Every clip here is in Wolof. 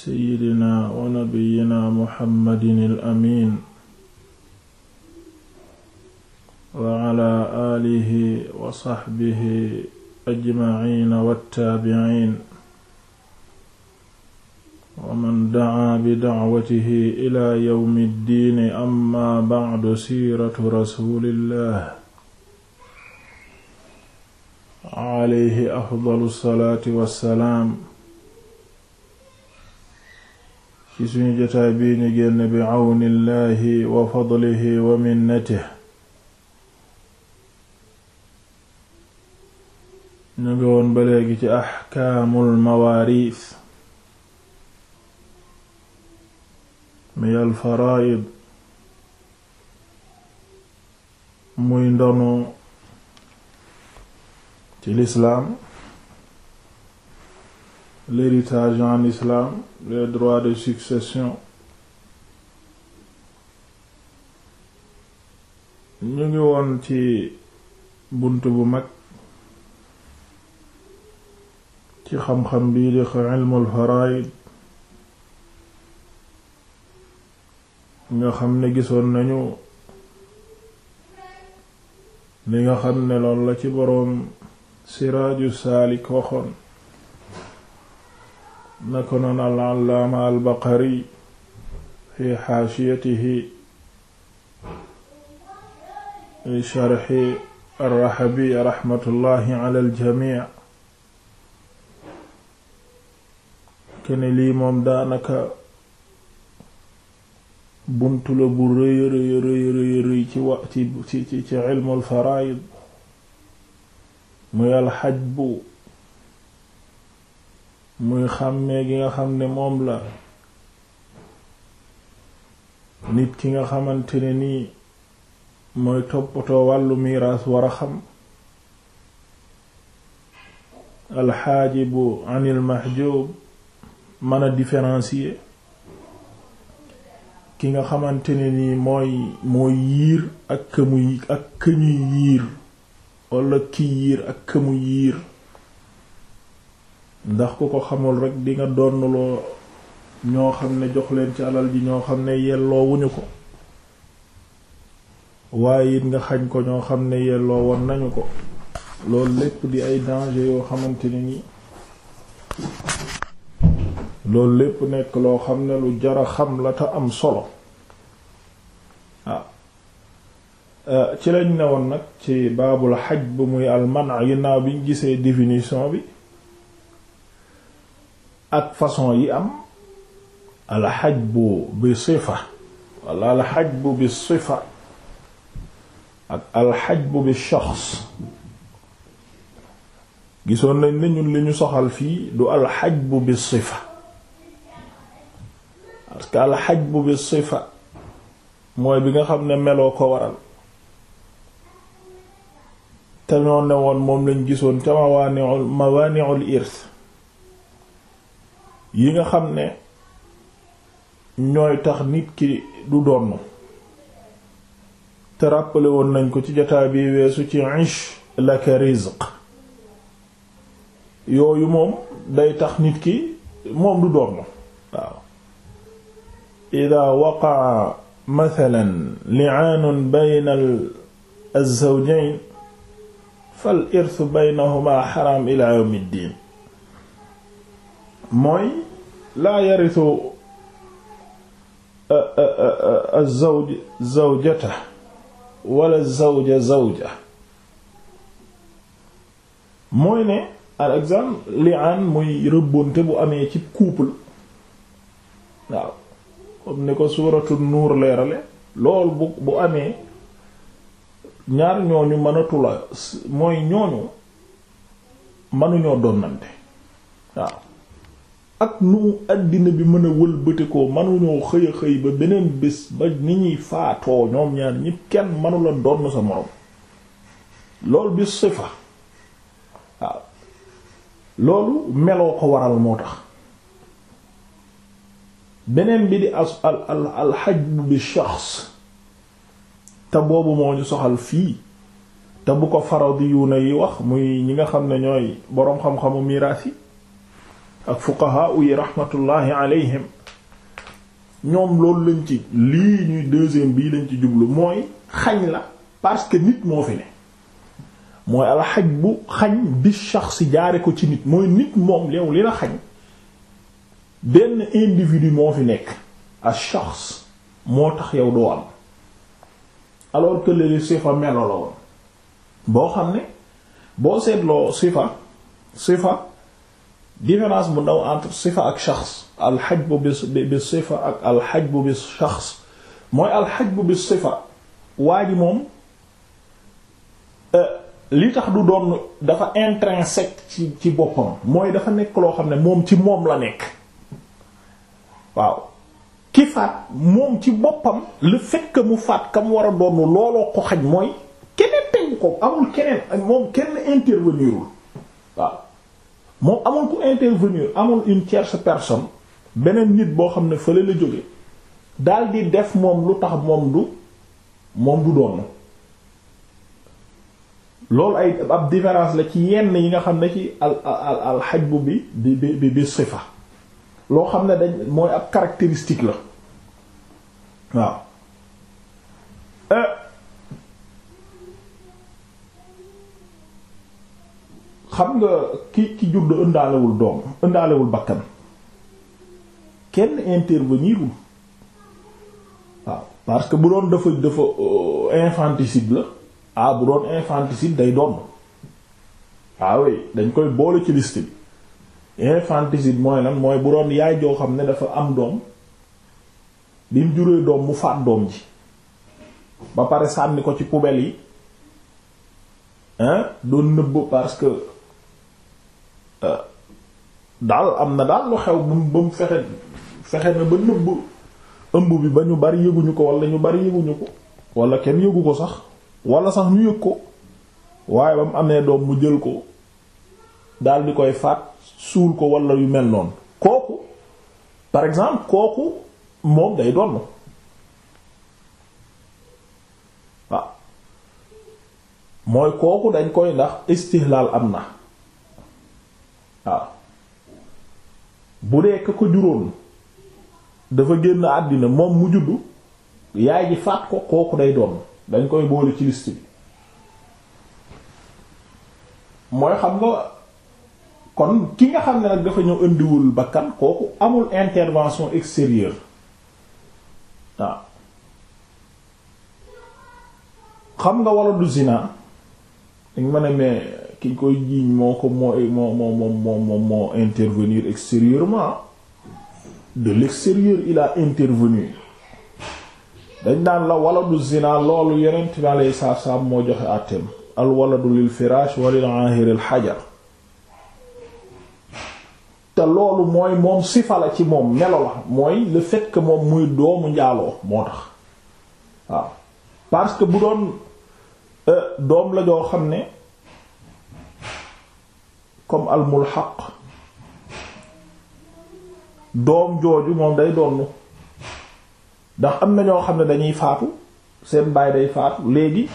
seyyidina wa nabiyina muhammadin al amiin wa ala aalihi wa saxbihi ajmaciin wa taabiciin wa man dacaa bi dacwatihi ila yawmi ddiini amma bacdu siiratu rasuulillah alayhi afdalu salaati wa salaam ci suñu jotaay bii ñu génn bi àwn illahi wa fadlihi wa minnatihi ñu ngi woon ba léegi ci axkaamul mawaariis muy ndonu ci lislaam l'héritage en islam les droits de succession ñu ngi woon ci bunt bu mag ci xam-xam bii di ilmul faraid nga xam ne gisoon nañu li nga xam ne la ci boroom siraaju saalik waxoon nako noon al-allaama al-Baqari fi xaashiyatihi li sharxi ar-Raxabi raxmatullahi ala al-jamiic kene lii moom daanaka buntu la bu rëy rëy rëy rëy rëy ci wa ci ci ci ilmul faraa'id muy al-xajbu muy xàmmee gi nga xam ne moom la nit ki nga xamante ne nii mooy toppatoo wàllu miiraas war a xam alxaajibu anil mahjub mën a différencier ki nga xamante ne nii mooy mooy yiir ak këmu ak këñu yiir wala ki yiir ak këmu yiir ndax ku ko xamul rek di nga donnloo ñoo xam ne jox leen ci alal ji ñoo xam ne yelloowuñu ko waaye it nga xañ ko ñoo xam ne yelloo woon nañu ko loolu lépp di ay danger yoo xamante ne ni loolu lépp nekk loo xam ne lu jara xam la te am solo waaw ah. euh, ci lañ ne woon nag ci baabul xaj bu muy almana ginnaaw biñ gisee définition bi ak façon yi am alxajbu bi sifa wala alxajbu bi sifa ak alxajbu bi shaxs gisoon nañ ne li ñu soxal fii du alxajbu bi sifa parce que alxajbu bi sifa mooy bi nga xam ne meloo ko waral te ñoo ne woon moom lañ gisoon ca mawaani'ul mawaani'ul irth yi nga xam ne ñooy tax nit ki du donn te rappelé woon nañ ko ci jotaay bi weesu ci ish laka rizq yooyu moom day tax nit ki moom du donn waaw ida waqaa mathalan li'aanun bayna az-zawjayn fal irth baynahuma xaram ila yawm ad mooy laa yarisu az-zawj zawjata wala zawja zawja mooy ne par exemple li'aan muy rëbbonte bu amee ci couple waaw comme ni ko suuratu nuur leerale lool bu bu amee ñaar ñooñu mënatula mooy ñooñu mënuñoo donnante waaw ak nu àddina bi mën a wëlbatikoo manuñoo xëy a xëy ba beneen bés ba ni ñuy faatoo ñoom ñaar ñépp kenn manula donn sa moroom loolu bi sifa waaw loolu meloo ko waral moo tax beneen bi di as al al alxajbu bi shaxs te boobu moo ñu soxal fii te bu ko faradi yu na yi wax muy ñi nga xam ne ñooy boroom xam-xamu miraas yi ak fuqaha yi rahmatullahi alayhim ñoom loolu lañ ci lii ñuy deuxième bii lañ ci jublu mooy xañ la parce que nit moo fi ne mooy alxaj bu xañ bi shaxsi jaare ko ci nit mooy nit moom leew li la xañ benn individu moo fi nekk a shaxs moo tax yow doo am alors que léegi sifa melo la woon boo xam ne boo seetloo sifa sifa différence bu ndaw entre sifa ak shaxs alxajbu bi bi sifa ak alxajbu bi shaxs mooy alxajbu bi sifa waa ji moom euh, li tax du doon dafa intrinsèque ci ci boppam mooy dafa nekk loo xam ne moom ci moom la nekk waaw ki faat moom ci boppam le fekk mu faat kam war a doon looloo ko xaj mooy keneen tegu ko amul keneen ak moom kenn intervenirul waaw moom amul ku intervenir amul une tierce personne beneen nit boo xam ne fële la jóge daal di def moom lu tax moom du moom du doon loolu ay ab différence la ci yenn yi nga xam ne ci al al al xajbu bi bi bi bi sifa loo xam ne dañ mooy ab caractéristique la waaw. Euh, xam nga ki ki judd ëndaalewul doom ëndaalewul bakkan kenn intervenirul waaw parce que bu doon dafa dafa euh, infanticide la ah bu doon infanticide day doon waaw ah dañ koy boole ci liste bi infanticide mooy lan mooy bu doon yaay joo xam ne dafa am doom bi mu juree doom mu faat doom ji ba pare sànni ko ci poubelle yi hein doon nëbb parce que Euh, daal am na daal lu xew ba mu ba mu fexe fexe na ba nëbb ëmb bi ba ñu bari yëguñu ko wala ñu bari yëguñu ko wala kenn yëgu ko sax walla sax ñu yëg ko waaye ba mu amee doom mu jël ko daal di koy faat suul ko wala yu mel noonu kooku par exemple kooku moom day doon waaw ah. mooy kooku dañ koy ndax istihlaal am na waaw bu dee ka ko juróon dafa génn àddina moom mu juddu yaay ji faat ko kooku day doon dañ koy boole ci liste bi mooy xam nga kon ki nga xam ne nag dafa ñëw indiwul bakkan kooku amul intervention extérieure waaw xam nga wala du zina dañ ma ne mais kiñ koy jiiñ moo ko moo moo moo moo moo intervenir extérieurement de l'extérieur il a dañ daan la waladu zina loolu yenent bi alayhi salaatu salaam moo joxe àtteem al waladu lil firaash wa te loolu mooy moom sifa la ci moom melo la mooy le fait moom muy doomu njaaloo moo tax waaw parce que bu doon euh, doom la joo xam ne comme almulxaq doom jooju moom day donn ndax am na ñoo xam ne dañuy faatu seen baay day faatu léegi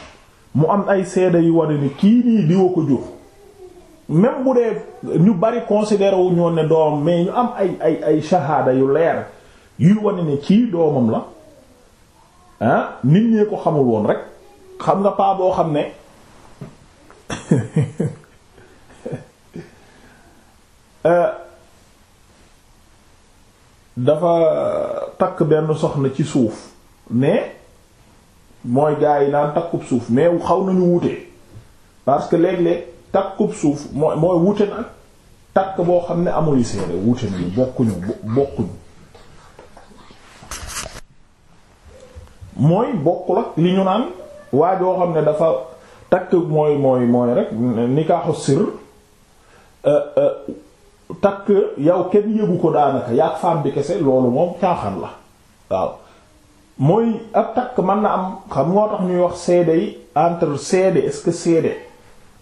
mu am ay seede yu wane ni kii nii diwa ko jur même bu dee ñu bari considéré wu ñoon ne doomam mais ñu am ay ay ay yu leer yuy wane ni kii doomam la ah nit ñee ko xamul woon rek xam nga paa boo xam ne Euh, dafa takk benn soxna ci suuf mais mooy gaa yi naan takkub suuf mais xaw nañu wute parce que léeg-léeg takkub suuf mooy mooy wute na takk boo xam ne amul yi seere wute nañu bokkuñu bokkuñu mooy bokkul ak li ñu naan waa joo xam ne dafa takk mooy mooy mooy rek nikaaxu sir euh, euh, takk yow kenn yëgu ko daanaka yaag femme bi kese loolu moom caaxaan la waaw mooy ab takk mën na am xam moo tax ñuy wax seede yi entre seede que seede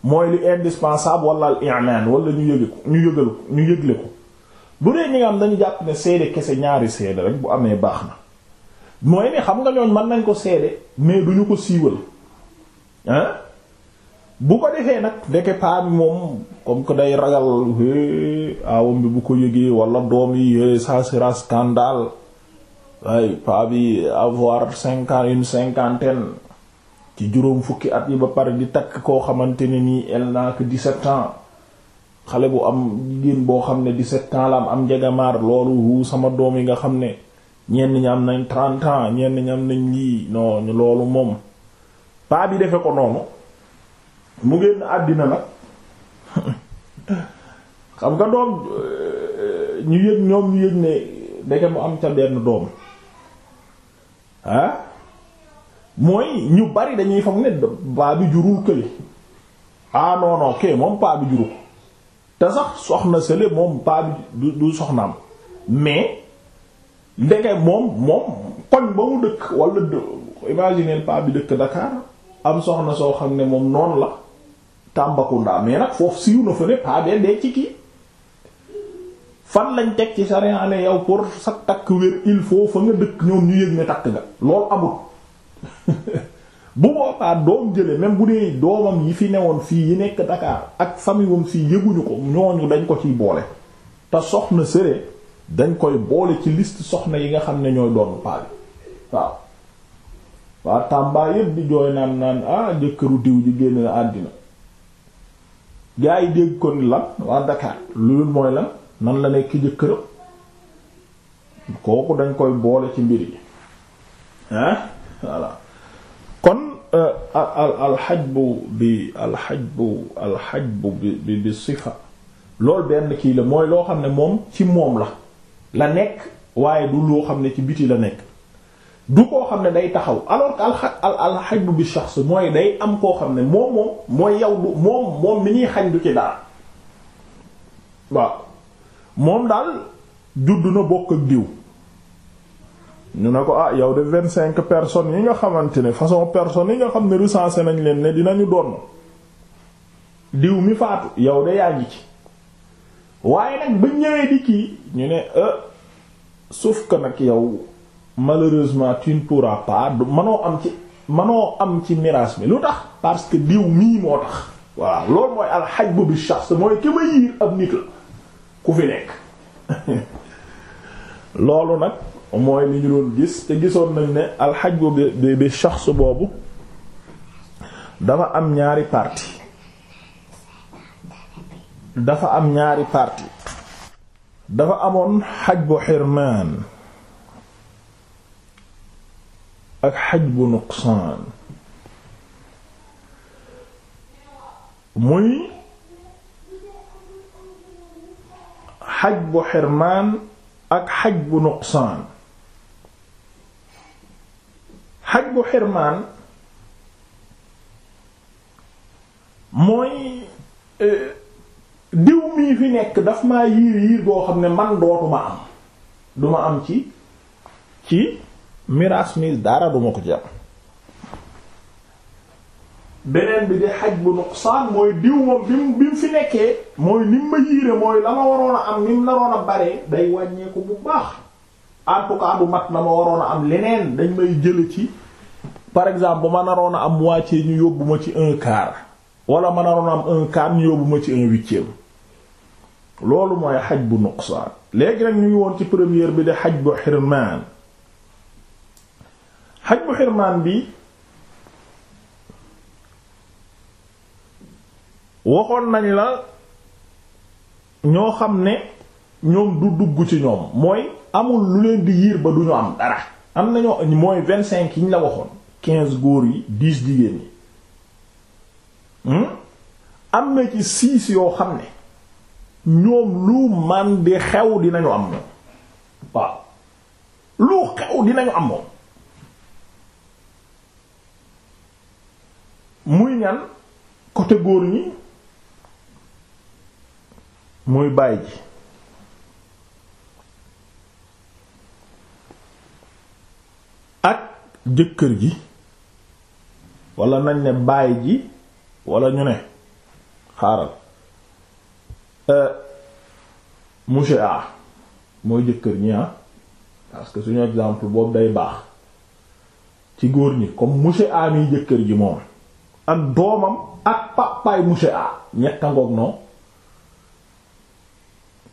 mooy li indispensable wala al i'lan wala ñu yëge ñu yëgal ñu yëgle ko bu dee ñi nga jàpp ne seede kese ñaari seede rek bu amee baax na mooy xam nga ñooñ mën nañ ko seede mais duñu ko siiwal hein bu ko defee nag ndeke paa bi moom comme que day ragal é bi bu ko yëgee wala doom yi ça sera scandale waaye paa bi avoir cinquante une cinquantaine ci juróom fukki at yi ba pare di takk koo xamante ni nii elle n'a que dix-sept ans xale bu am jigéen boo xam ne dix-sept ans la am am njegamaar loolu sama doom yi nga xam ne ñenn ñi nañ trente ans ñenn ñi am nañ lii non loolu moom paa bi defe ko noonu mu génn àddina nag xam nga doom ñu yëg ñoom ñu yëg ne ndeke mu am ca benn doom ah mooy ñu bari dañuy foog ne paa bi jurul kële ah non non moom paa bi juru te sax soxna sële moom paa bi du soxnaam mais ndeke moom moom koñ ba mu dëkk wala imaginer paa bi dëkk Dakar am soxna soo xam ne moom noonu la Tambacounda mais nag foofu siiw na fa ne pas de dee ci kii fan lañ teg ci charia ne yow pour sa takk wér il faut fa nga dëkk ñoom ñu yëg ne takk nga loolu amut bu boobaa doom jële même bu dee doomam yi fi newoon fii yi nekk Dakar ak famille fii yëguñu ko ñooñu dañ ko ciy boole te soxna sëree dañ koy boole ci list soxna yi nga xam ne ñooy doon paal waaw waa Tamba di jooy naan naan ah jëkkëru diw ji génn na àddina gaa yi dégg ko ni lan waa Dakar loolu mooy lan nan la nekk jëkkëram kooku dañ koy boole ci mbir yi ah voilà kon euh, alxajbu bi alxajbu alxajbu bi bi sifa loolu benn kii la mooy loo xam ne moom ci moom la la nekk waaye du loo xam ne ci biti la nekk du koo xam ne day taxaw alors que al bu bi bi su mooy day am koo xam ne moom moom mooy yow du moom moom mi ñuy xañ du ci dara waaw moom daal juddu na bokk ak diw ñu ne ko ah yow de vingt cinq personnes yi nga xamante ne façon personnes yi nga xam ne recensé nañ leen ne dinañu doon diw mi faatu yow de yaa ci waaye nag ba ñëwee di kii ñu ne suuf euh, sauf nag yow. malheureusement tu ne pourras pas manoo am ci manoo am ci miraas mi lu tax parce que diw mii moo tax voilà loolu mooy alxaj bu bi shaxs mooy ki ma yiir ab nit la ku fi nekk loolu nag mooy li ñu doon gis te gisoon nañ ne alxaj bu bi bi shaxs boobu dafa am ñaari partie dafa am ñaari partie dafa amoon xaj bu xirmaan ak xaj bu nuqsaan muy xaj bu xirmaan ak xaj bu nuqsaan xaj bu xirmaan mooy e, diw mii fi nekk dafa ma yiir yiir boo xam ne man dootuma am duma am ci ci miraas mi dara duma ko ci beneen bi di xaj bu nuqsaan mooy diw bi mu fi nekkee mooy nim ma yiire mooy la ma waroon a am ni nim naroon a bare day wàññeeku bu baax en bu cas mat na ma waroon a am leneen dañ may jële ci par exemple ba ma naroon a am moitié ñu yóbbu ma ci un quart wala ma naroon a am un ñu yóbbu ma ci un loolu mooy xaj bu nuqsaan léegi nag ñu woon ci première bi di xaj bu xirmaan xajmu xirmaan bi waxoon nañ la ñoo xam ne ñoom du dugg ci ñoom mooy amul lu leen di yiir ba du am dara am nañoo mooy vingt cinq yiñ la waxoon quinze góor yi dix jigéen yi hmm? am na ci six yoo xam ne ñoom lu man di xew dinañu am moom waaw lu xew dinañu am moom muy ñan côté góor ñi muy baay ji ak jëkkër ji wala nañ ne baay ji walla ñu ne xaaral euh, monsieur mooy jëkkër ñi ah parce que suñu exemple boobu day baax ci góor ñi comme monsieur A miy jëkkër ji moom ak doomam ak papaay monsieur A ñetta ngoog noonu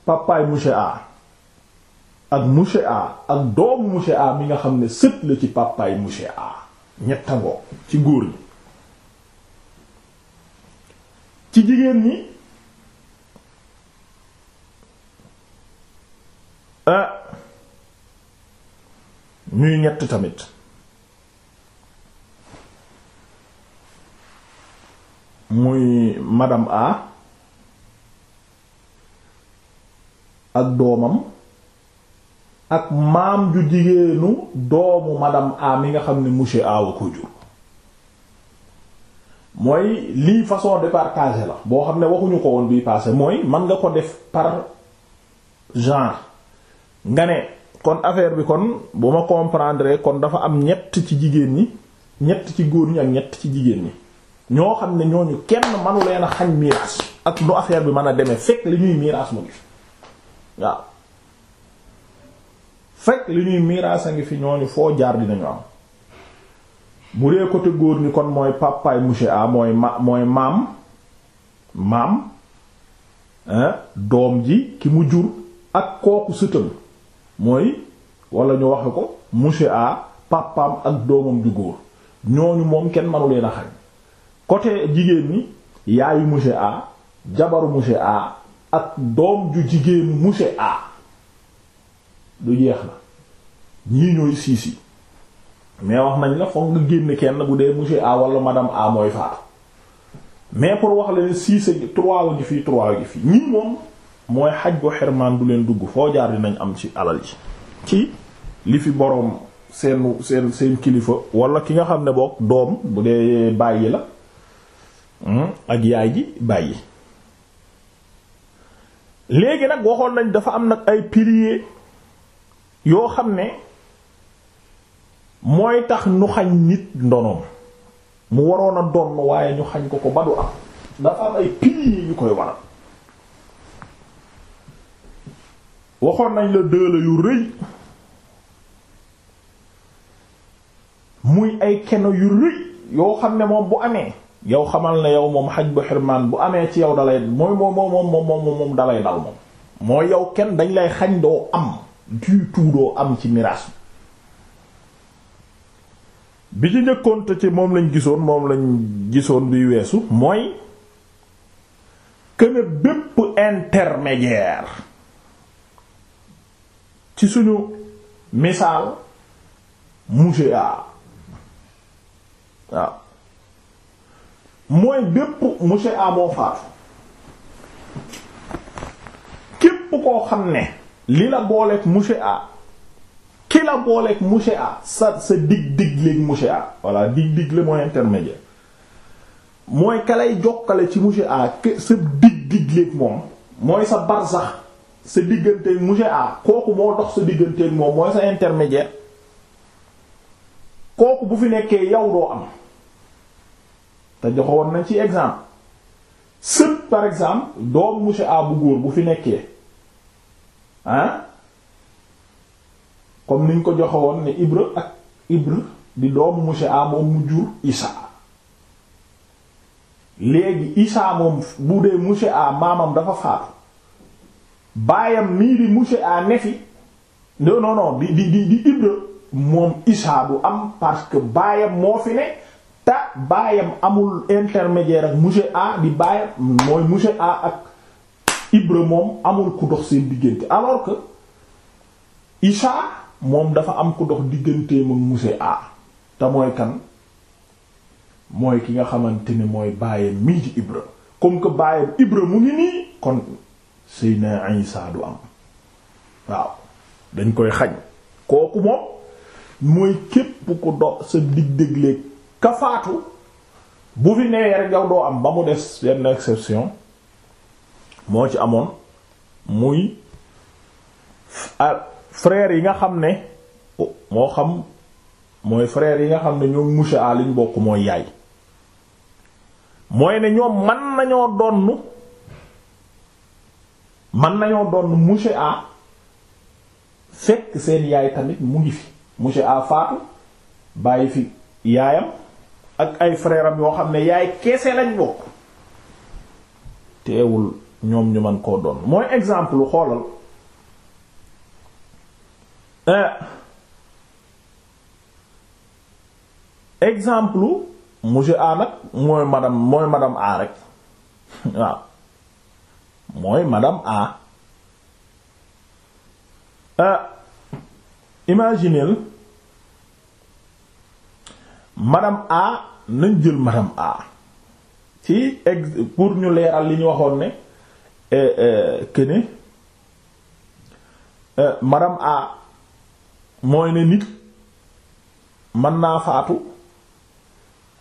papaay monsieur A ak monsieur A ak doomu monsieur A mi nga xam ne sët la ci papaay monsieur A ñetta ngoog ci góor ñi ci jigéen ñi ah ñuy ñett tamit muy madame A ak doomam ak maam ju jigéenu doomu madame A mi nga xam ne monsieur A wu ko jur mooy lii façon départage la boo xam ne waxuñu ko woon bii passé mooy man nga ko def par genre nga ne kon affaire bi kon bu ma comprendre kon dafa am ñett ci jigéen ñi ñett ci góor ñi ak ñett ci jigéen ñi ñoo xam ne ñooñu kenn manu leen xañ miraas ak nu affaire bi mën a demee fekk li ñuy miraas mu ngi fi waaw fekk li ñuy miraas a ngi fi ñooñu foo jaar dinañu am bu dee côté góor ñi kon mooy papaay monsieur a mooy ma mooy maam maam doom ji ki mu jur ak kooku sëtam mooy wala ñu waxe ko monsieur a papaam ak doomam ju góor ñooñu moom kenn manu leen a xañ côté jigéen ñi yaayu monsieur A jabaru monsieur A ak doom ju jigéenu monsieur A du jeex na ñii ñooy siisi mais wax nañ la foog nga génn kenn bu dee monsieur A wala madame A mooy faatu mais pour wax la ne siise gi trois gi fii trois gi fii ñii moom mooy xaj bu xirmaan du leen dugg foo jaar dinañ am ci alal ji ci li fi boroom seen seen seen kilifa wala ki nga xam ne bokk doom bu dee bàyyi la Hmm? ak yaay ji bàyyi léegi nag waxoon nañ dafa am nag ay piliers yoo xam ne mooy tax nu xañ nit ndonoom mu waroon a donn waaye ñu xañ ko ko ba du am dafa am ay piliers yu koy waral waxoon nañ la dëla yu rëy muy ay keno yu rëy yoo xam ne moom bu amee yow xamal na yow moom xaj bu xirmaan bu amee ci yow dalay mooy moom moom moom moom moom dalay dal moom mooy yow kenn dañ lay xañ doo am du tout doo am ci miraas bi ci njëkkoon te ci moom lañ gisoon moom lañ gisoon biy weesu mooy këne bépp intermédiaire ci suñu misaal monsieur waaw mooy bépp monsieur moo faatu képp koo xam ne li la booleeg monsieur A ki la booleeg monsieur A sa sa dig-dig léeg monsieur A voilà dig-dig la mooy intermédiaire mooy ka jokkale ci monsieur A sa dig-dig léeg moom mooy sa barsax sa digganteeg monsieur kooku moo dox sa digganteeg moom mooy sa intermédiaire kooku bu fi nekkee yow doo am. te joxoon nañ ci exemple sët par exemple doomu monsieur bu góor bu fi nekkee ah comme niñ ko joxewoon ne Ibra ak Ibra di doomu monsieur moom mu jur Isa léegi Isa moom bu dee monsieur maamam dafa faatu baayam nii di monsieur A ne fi non non di di di Ibra moom Isa du am parce que baayam moo fi ne. ta baayam amul intermédiaire ak monsieur A di baayam mooy monsieur A ak Ibra moom amul ku dox seen diggante alors que Isha moom dafa am ku dox diggante ak monsieur A te mooy kan mooy ki nga xamante ni mooy baayam mii di Ibra comme que baayam Ibra mu ngi nii kon Seyna Isa du am waaw dañ koy xañ kooku moom mooy képp ku dox sa dig dégleeg ka faatu bu fi newee rek doo am ba mu des benn exception moo ci amoon muy ah, frère yi nga xam ne oh, moo xam mooy frère yi nga xam ne ñoom monsieur A liñ bokk mooy yaay mooy ne ñoom man nañoo donn man nañoo donn monsieur A fekk seen yaay tamit mu ngi fi monsieur A faatu bàyyi fi yaayam ak ay frère am yoo xam ne yaay keese lañ bokk teewul ñoom ñu man koo doon mooy exemple xoolal eh, exemple monsieur A nag mooy madame mooy madame A rek waaw mooy madame A eh, imaginez madame A nañ jël madame A ci ex pour ñu leeral li ñu waxoon ne eh, eh, que ne eh, A mooy ne nit mën naa faatu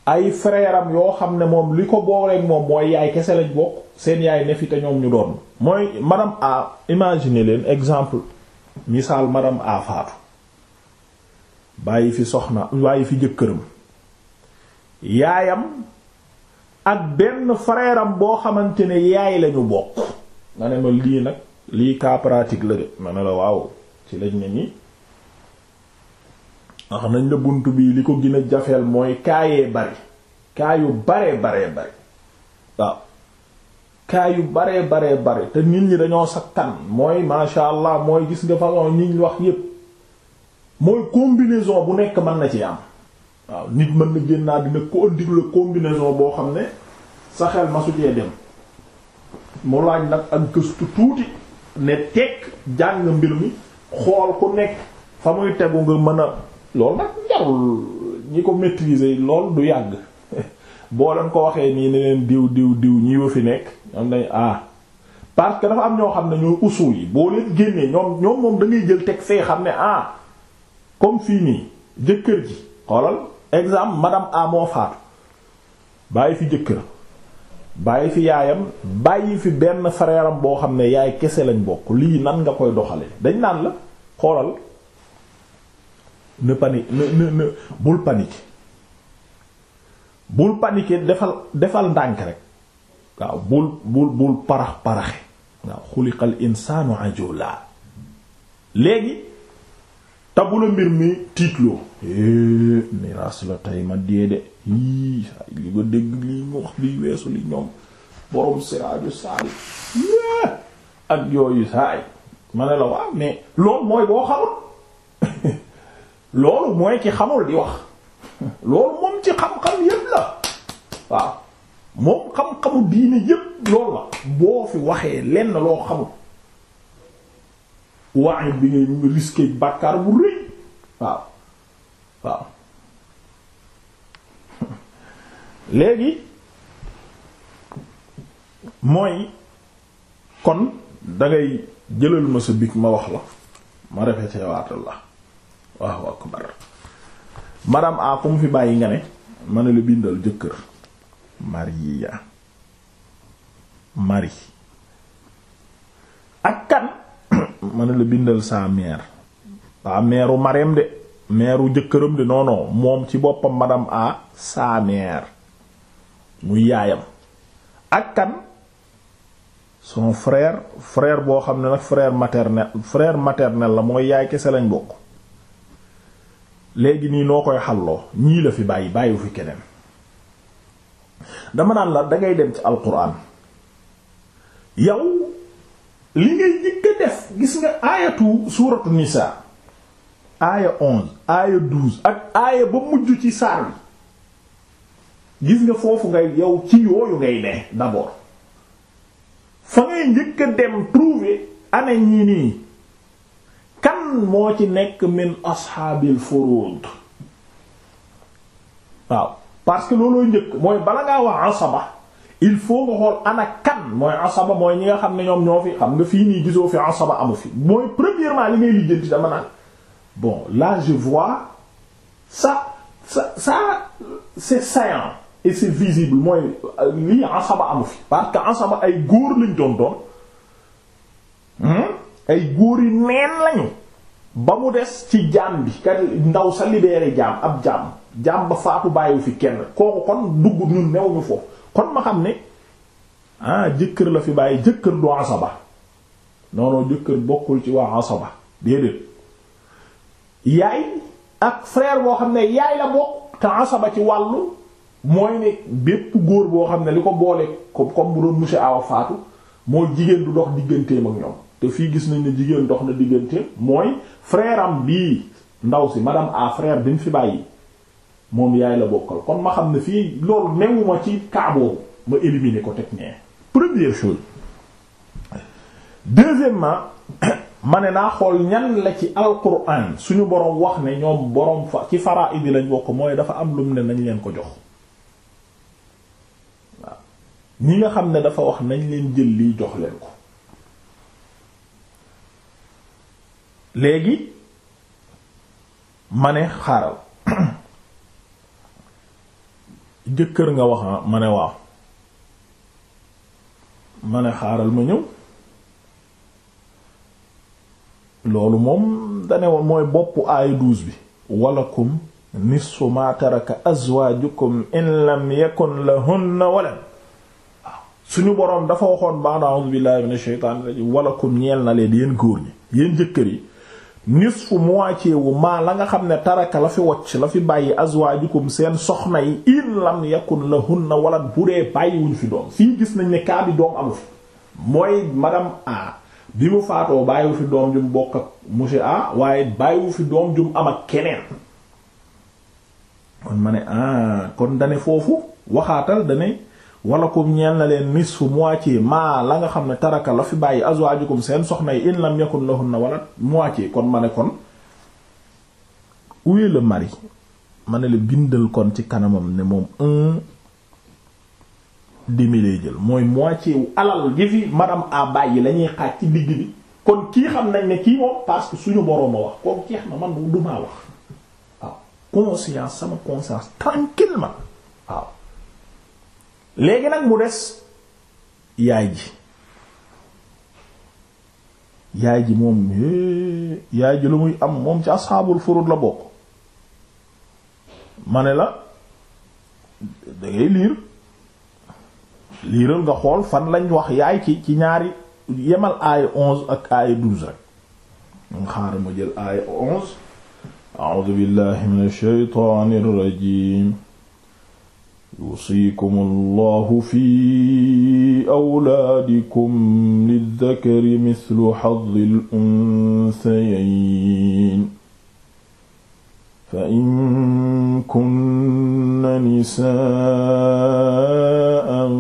ay frère am yoo xam ne moom li ko booleeg moom mooy yaay kese lañ bokk seen yaay ne fi te ñoom ñu doon mooy madame A imagine leen exemple misaal madame A faatu bàyyi fi soxna bàyyi fi jëkkëram. yaayam ak benn frère boo xamante ne yaay lañu bokk nga ne ma lii nag lii kaa pratique la de ma ne la waaw ci lañ ne nii wax nañ la bunt bii li ko gën a jafeel mooy kaayee bari kaayu baree bare bare waaw kaayu baree baree bari te nit ñi dañoo sakkan mooy masha Allah mooy gis nga façon ñi wax yépp mooy combinaison bu nekk mën na ci am waaw nit mën na génn àddina ko ëndig la combinaison boo xam ne sa xel masu cee dem mu laaj nag ak gëstu tuuti ne tekk jàng mbir mi xool ku nekk fa muy tegu nga mën a loolu nag jarul ñi ko maîtriser lool du yàgg boo leen ko waxee nii ne leen diw diw diw ñi wa fi nekk ñoom dañ ah parce que dafa am ñoo xam ne ñooy usul yi boo leen génnee ñoom ñoom moom da jël teg see xam ne ah comme fii nii jëkkër ji xoolal exemple madame A faatu bàyyi fi jëkkër bàyyi fi yaayam bàyyi fi benn frère boo xam ne yaay kese lañ bokk lii nan nga koy doxale dañ naan la xoolal ne panique ne ne bul panique bul panique defal defal ndànk rek waaw bul bul bul parax paraxe waaw xuliqal insaanu ajula léegi te mbir mi tiitloo miraas la tay ma dee de yii li ko dégg li ñu wax bi weesu li ñoom borom siraaju saali eh, ak yooyu saay ma la waaw mais loolu mooy boo xamul loolu di wax loolu moom ci xam-xam yépp la waaw moom xam-xamu diine yépp loolu la boo fi waxee lenn loo xamul waaye bi ngay risqué bàkkaar bu rëy waaw waaw léegi mooy kon dangay jëlal ma sa big ma wax la ma répété waatal la waaw akbar madame a ku mu fi bàyyi nga ne ma ne la bindal jëkkër mariya mari ak kan ma ne la bindal sa mère waa meeru mareem de meeru jëkkëram di non moom ci boppam madame A sa mère muy yaayam ak kan son frère frère boo xam ne nag frère maternel frère maternel la mooy yaay kese lañ bokk léegi nii noo koy xalloo ñii la fi bàyyi bàyyiwu fi keneen dama daan la dangay dem ci alquran yow li ngay jëkk def gis nga aayatu suuratu nisaa aaya onze aaya douze ak aaya ba mujj ci saar bi gis nga foofu ngay yow ci yooyu ngay ne d'abord fa ngay njëkk a dem trouver ana ñii nii kan moo ci nekk min ashaabil furud waaw parce que looloo njëkk mooy bala ngaa wax asaba il faut nga xool ana kan mooy asaba mooy ñi nga xam ne ñoom ñoo fi xam nga fii nii gisoo fi asaba amu fi mooy premièrement li ngay lijjanti dama naan bon là je vois ça ça ça c'est saillant et c'est visible mooy lii amu fi parce que asaba ay góor lañ doon doon hmm? ay góor yu neen lañu ba mu des ci jaam bi ndaw sa libéré jaam ab jaam jaam ba faatu bàyyiwu fi kenn kooku kon dugg ñun new ñu foofu kon ma xam ne ah jëkkër la fi bàyyi jëkkër du asaba non jëkkër bokkul ci waa asaba déedéet yaay ak frère boo xam ne yaay la bokk te asaba ci wàllu mooy ne bépp góor boo xam ne li ko boole comme comme bu doon monsieur Awa faatu mooy jigéen du dox digganteem ak ñoom te fii gis nañ ne jigéen dox na digganteem mooy frère am bii ndaw si madame a frère bi mu fi bàyyi moom yaay la bokkal kon ma xam ne fii loolu newuma ci kaaboo ma éliminer ko teg nee première chose deuxièmement ma ne naa xool ñan la ci alquran suñu borom wax ne ñoom borom fa ci faraa'id lañ bokk mooy dafa am lum ne nañ leen ko jox waaw ñi nga xam ne dafa wax nañ leen jël lii jox leen ko léegi ma ne xaaral jëkkër nga wax ma ne waaw ma ne xaaral ma ñëw. loolu moom dane woon mooy boppu aaya douze bi walakum nisfu ma taraka azwaajukum in lam yakun lahunna walad waaw suñu boroom dafa waxoon ba'da a'uuzu billahi minash shaytaanir rajiim walakum ñeel na leen yéen yi nisfu moitié wu maa la nga xam ne taraka la fi wacc la fi bàyyi azwaajukum seen soxna yi in lam yakun lahunna walad bu dee bàyyiwuñ fi doom fii gis nañ ne kaa bi doom amu fi mooy madame a bi mu faatoo bàyyiwu fi doom jum bokk ak monsieur A waaye bàyyiwu fi doom jum am ak keneen kon ma ne ah kon dane foofu waxaatal dane wala kum ñeel na leen nisfu moitié maa la nga xam ne taraka la fi bàyyi azwaajukum seen soxna yi in lam yakun lahunna walad moitié kon ma ne kon où est mari ma ne la bindal kon ci kanamam ne moom un demi jël mooy moitié wu alal gi fi madame a bàyyi la ñuy xaaj ci digg bi kon kii xam nañ ne kii moom parce suñu boroom a wax kooku jeex na man du maa wax waaw conscience sama conscience tranquillement waaw léegi nag mu des yaay ji yaay ji moom yaay ji lu muy am moom ci asxaabul furud la bokk ma ne la da liir liiral nga xool fan lañ wax yaay ci ci ñaari yemal aaya onze ak aaya douze rek ñu xaaral ma jël aaya onze a'udhu billahi minash shaytanir rajim yusikum allahu fi awlaadikum lidhakari mithlu hadhil unthayayn fa in kunna nisaa'an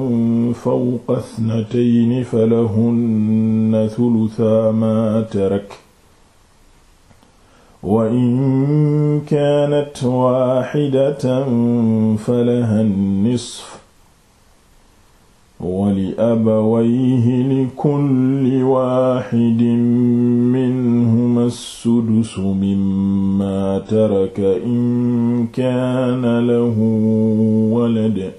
fawqa ithnatayni falahunna thuluthaa maa taraka wa in kaanat waahidatan falahaa nisfu wali abawayhi li kulli waaxidin minhuma sudusu mimma taraka in kaana lahu walad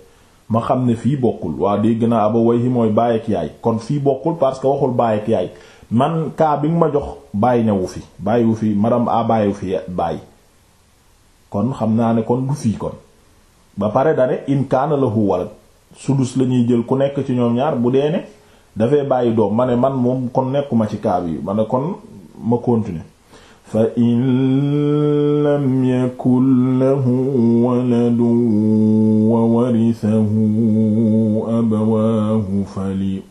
ma xam ne fii bokkul waa dégg naa abawayhi mooy baay ak yaay kon fii bokkul parce que waxul baay ak yaay man kaa bi nga ma jox bàyyi newu fi bàyyi wu fi madame a bàyyi wu fi bàyyi kon xam naa ne kon du fii kon ba pare dane in lahu walad sudus lañuy jël ku nekk ci ñoom ñaar bu dee ne dafay bàyyi doom ma ne man moom kon nekkuma ci kaab yi ma ne kon ma continuer fa in lam yakun lahu waladun wa warisahu abawaahu fa li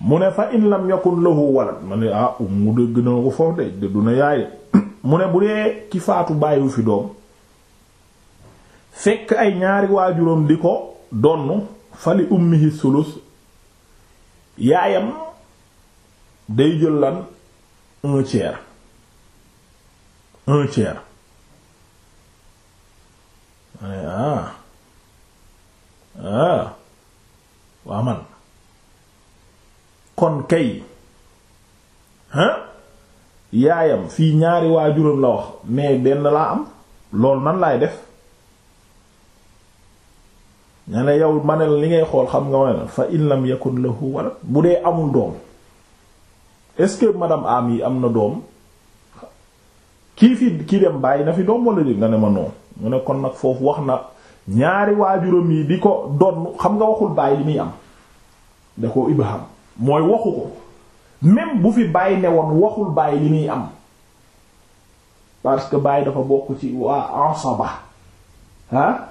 mu ne fa in lam yakun lahu walad ma ne ah mu dëgg na ko foofu de du na yaay mu ne bu dee ki faatu bàyyiwu fi doom fekk ay ñaari waajuram di ko donn fali ummihi sulus yaayam day jël lan un tiers un tiers ah. Ah. waa man kon kay ah yaayam fii ñaari waajuram la wax mais benn laa am loolu nan laay def ne la yow ma li ngay xool xam nga ma fa in lam yakun lahu walad bu dee amul doom est-ce que madame Ami am na doom kii fi kii dem bàyyi na fi doom wala dégg nga ne ma noonu mu ne kon nag foofu wax na ñaari waajuram yi di ko donn xam nga waxul bàyyi li muy am da ko ibham mooy waxu ko même bu fi bàyyi ne woon waxul bàyyi li muy am parce que bàyyi dafa bokk ci waa ansaba ah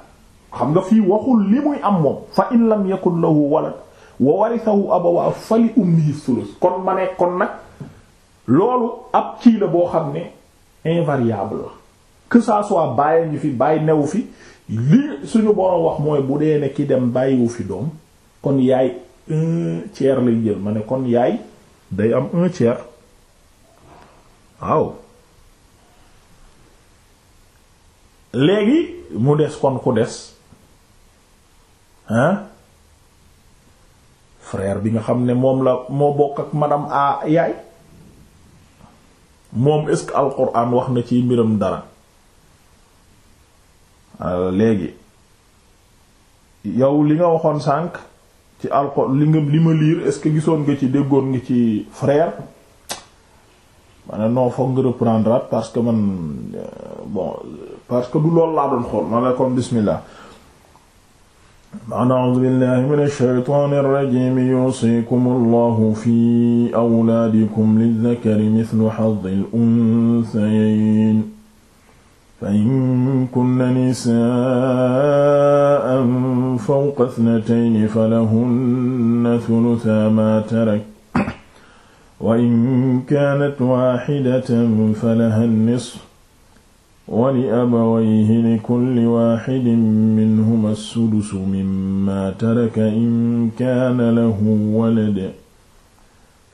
xam nga fi waxul li muy am moom fa in lam yakun lahu walad wa warithahu abawa fa li ummihi thuluth kon ma ne kon nag loolu ab kii boo xam ne invariable la que ça bàyyi ñu fi bàyyi newu fi li suñu borom wax mooy bu dee ne ki dem bàyyiwu fi doom kon yaay un tiers lay jël ma ne kon yaay day am un tiers waaw léegi mu des kon ku des hein frère bi nga xam ne moom la moo bokk ak madame a yaay moom est-ce que wax na ci mbiram dara euh, léegi yow li nga waxoon sànq ci alquran li nga li ma liir est-ce que gisoon nga ci déggoon nga ci frère ma ne foog nga reprendre parce que man euh, bon parce que du loolu laa doon xool ma bismillah ba'd a'uuzu billaahi mina shaytaani rajiim yuusiikumu llaahu fii awlaadikum lizzakari mislu hazzil unsayayn فإن كن نساء فوق اثنتين فلهن ثلثا ما ترك وإن كانت واحدة فلها النصف wali abawayhi likulli waaxidin minhuma sudusu mimma taraka in kaana lahu walad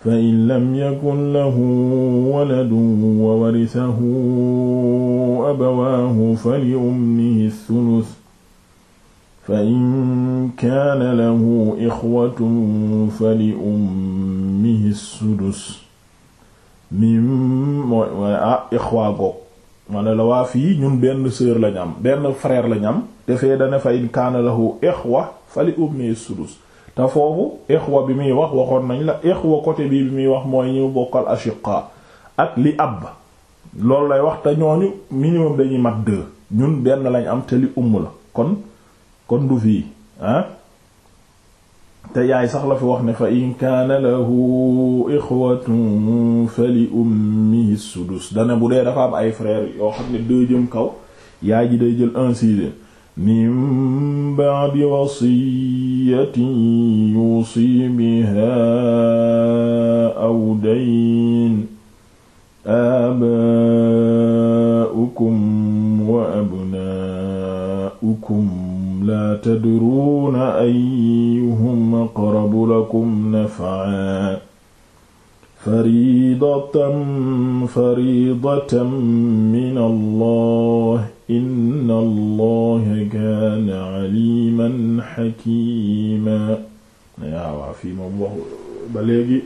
fa in lam yakun lahu waladun wa warisahu abawaahu fali ummihi sulus fa in kaana lahu ixwatun fali ummihi sudus mim mooy ah ixwa goog ma ne la waa fii ñun benn sœur lañ am benn frère lañ am te dana fa in kaana lahu ixwa fali ummi sudus te foofu ixwa bi muy wax waxoon nañ la ixwa côté bii bi muy wax mooy ñu bokkal ashiqa ak li ab loolu lay wax te ñooñu minimum dañuy mat deux ñun benn lañ am te li umm la kon kon du fii te yaay sax la fi wax ne fa in kaana lahu ixwatun fa li ummihi bu dee dafa ay frère yoo xam ne deux kaw yaay ji day jël un sixième min ba'di wasiyatin yusi biha aw dayn aba tadruuna ayyuhum aqrabu lakum naf'an fariidatan fariidatan min allah inna allaha kaana aliman xakima yaawaa fii moom waxu ba léegi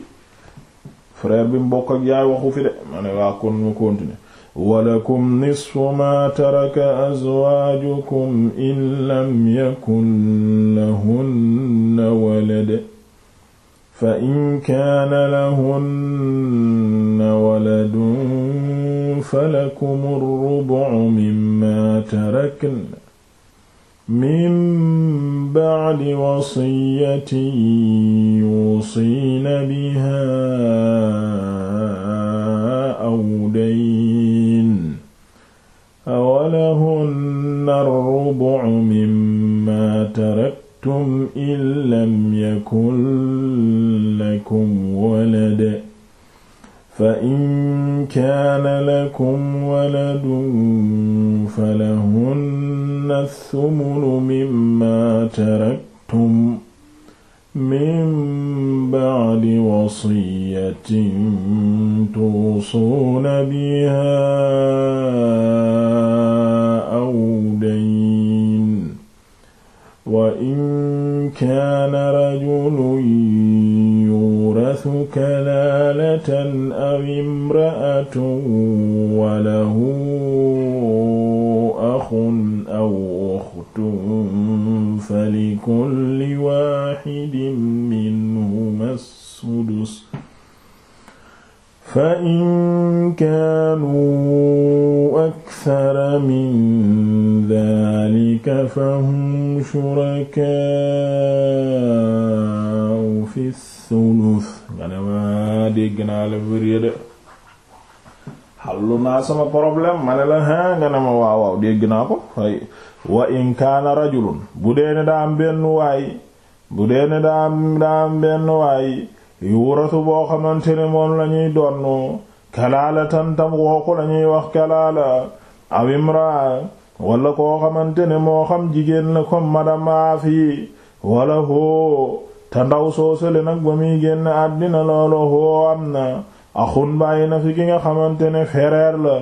frère bi mbokk ak yaay waxu fi de ma ne waa kon mu continuer walakum nisfu ma taraka azwaajukum in lam yakun lahunna walad fa in kaana lahunna waladun falakum ar-rubu'u mimma tarakna min ba'di wasiyatin yusiina bihaa aw dayn walahunna ar-rubu'u mimma taraktum in lam yakun lakum walad fa in kaana lakum waladun falahunna ath-thumunu mimma taraktum min ba'di wasiyatin tuusuuna bihaa aw dayn wa in kaana rajulun yurathu kalaalatan aw imra'atun wa lahu axun fa in kaanuu akthara min dhaalika fahum shurakaa'u fi thuluth nga ne ma dégg naa la mbir de xallu naa sama problème ma ne la ha nga ne ma waaw waaw dégg naa ko wa in kaana rajulun bu dee ne daa am waay bu dee ne daa am waay yuuratu boo xamante ne moom la ñuy donnu kalaala tantam wooku la wax kalaala aw imraa wala koo xamante ne moo xam jigéen la comme madame aafi wala hoo te ndaw soosale nag ba muy génn àddina loolu hoo am na axun bàyyi na fi ki nga xamante ne fereer la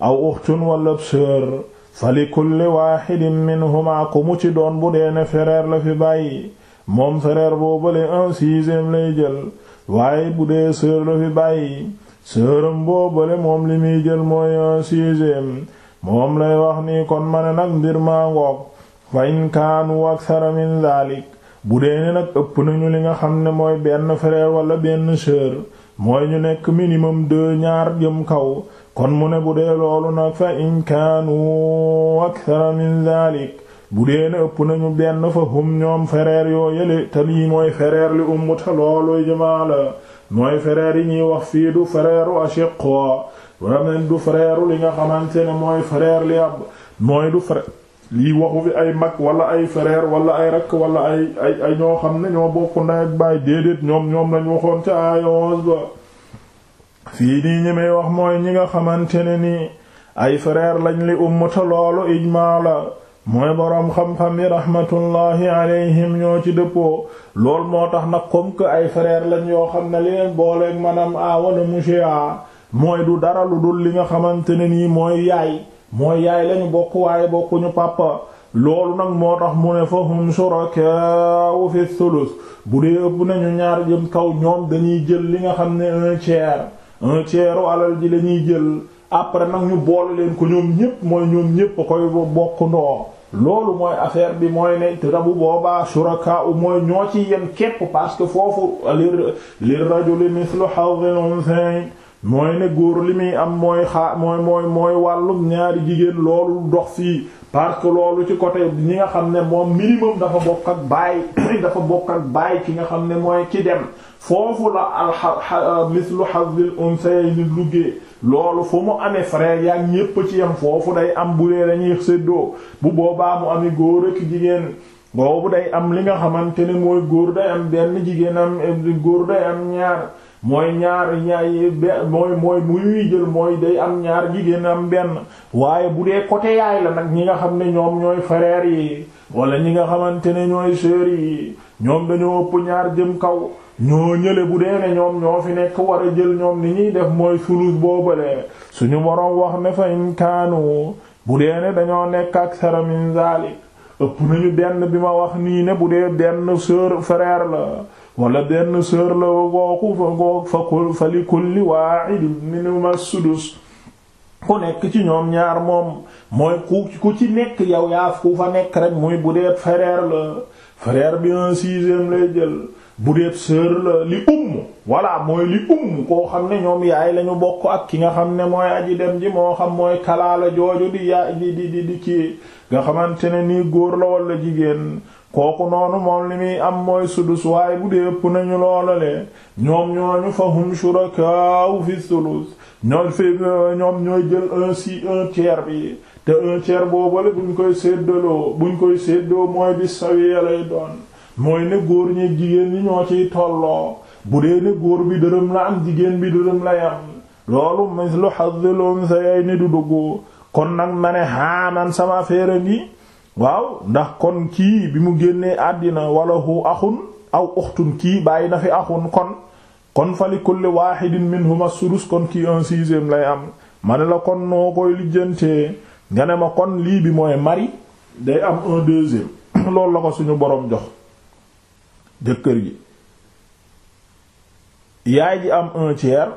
aw uxtun wala sœur fa li kulli waaxidin minhuma ku mu ci doon bu dee ne fereer la fi bàyyi moom frère boobale un sixième lay jël waaye bu dee sœur la fi bàyyi sœuram boobale moom li muy jël mooy un sixième moom lay wax nii kon ma ne nag mbir maa ngoog fa in kaanu akthara min dhalik bu dee ne nag ëpp nañu li nga xam ne mooy benn frère wala benn sœur mooy ñu nekk minimum deux ñaar jëm kaw kon mu ne bu dee loolu nag fa in kaanu akthara min dhalik bu dee ne ëpp nañu benn fa hum ñoom frère yoo yële te lii mooy frère li ummu te loolu ijmaa la mooy frère yi ñuy wax fii du frère u ashiqa ramen du frère li nga xamante ne mooy frère li ab mooy du frère lii waxu fi ay mag wala ay frère wala ay rakk wala ay ay ay ñoo xam ne bokk na ak baay ñoom ñoom lañu waxoon ca aayos ba fii nii ñi wax mooy ñi nga xamante ne nii ay frère lañ li ummu loolu ijmaa la mooy boroom xam-xam yi rahmatullahi alayhim ñoo ci dëppoo lool moo tax nag comme que ay frère lañ yoo xam ne li leen booleeg maanaam a wala monsieur mooy du dara lu dul li nga xamante ne nii mooy yaay mooy yaay lañu bokk waaye bokkuñu pàppa loolu nag moo tax mu ne fahum shurakaa'u fi thuluth bu dee ëpp nañu ñaar jëm kaw ñoom dañuy jël li nga xam ne un tiers un tiers alal ji lañuy jël après nag ñu bool leen ko ñoom ñépp mooy ñoom ñépp a koy bokk ndoo loolu mooy affaire bi mooy ne rabu boobaa shuraka u mooy ñoo ci yem képp parce que foofu li li rajuli mithlu hadhil unthayn mooy ne góor li muy am mooy xaa mooy mooy mooy wàllum ñaari jigéen loolu dox fii parce que loolu ci côté ñi nga xam ne moom minimum dafa bokk ak baay dafa bokk ak baay ki nga xam ne mooy ki dem foofu la al mislu hazil unsayni luggee loolu fu mu amee frère yaa ñépp ci yem foofu day am bu dee dañuy seddoo bu boobaa mu amee góor ak jigéen boobu day am li nga xamante ne mooy góor day am benn jigéen am góor day am ñaar mooy ñaar ñaay mooy mooy muy jël mooy day am ñaar jigéen am benn waaye bu dee côté yaay la nag ñi nga xam ne ñoom ñooy frères yi wala ñi nga xamante ne ñooy sœurs yi ñoom dañoo ëpp ñaar jëm kaw ñoo ñële bu dee ne ñoo fi nekk war a jël ñoom ni ñuy def mooy sulus boobale suñu boroom wax ne fa in kaanu bu dee ne dañoo nekk ak sara min ëpp nañu benn bi ma wax nii ne bu dee benn sœur frère la wala benn sœur la gooku fa goog fa kul fa li kulli waaxid minhuma sudus ku nekk ci ñoom ñaar moom mooy ku ku ci nekk yow yaa ku fa nekk rek muy bu dee frère la frère bi un sixième lay jël bu dee sœur la li umm walla mooy li umm koo xam ne ñoom yaay lañu bokk ak ki nga xam ne mooy aji dem ji moo xam mooy kalaala jooju di yaa di di di kii nga xamante ne nii góor la walla jigéen kooku noonu moom li muy am mooy sudus waaye bu dee ëpp nañu loolale ñoom ñooñu fa hum shurakaa'u fi sulus ñooy fi ñoom ñooy jël un si un tiers bi te un tiers boobale buñ koy séddaloo buñ koy séddoo mooy bi sawiya lay doon mooy ne góor ñi jigéen ñi ñoo ciy tolloo bu dee ne góor bi dërëm la am jigéen bi dërëm la yam loolu mislu hazzul unsayayni du duggu kon nag ma ne haanan sama affaire ngi waaw ndax kon kii bi mu génnee àddina walla walahu axun aw uxtun kii bàyyi na fi axun kon kon fa li kulli wahidin minhuma sudus kon kii un sixième lay am ma ne la kon noo koy lijjantee nga ne ma kon lii bi mooy mari day am un deuxième loolu la ko suñu boroom jox jëkkër gi yaay ji am un tiers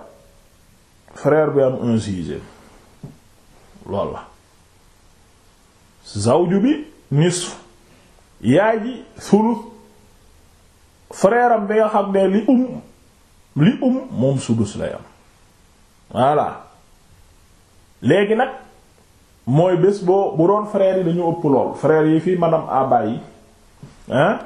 frère bi am un sixième loolu la zawju bi nisf yaay ji sulus frère bi nga xam ne li um li um moom sudus lay am voilà léegi nag mooy bés boo bu doon frère yi dañu ëpp lool frère yi fii madame Abba yi hein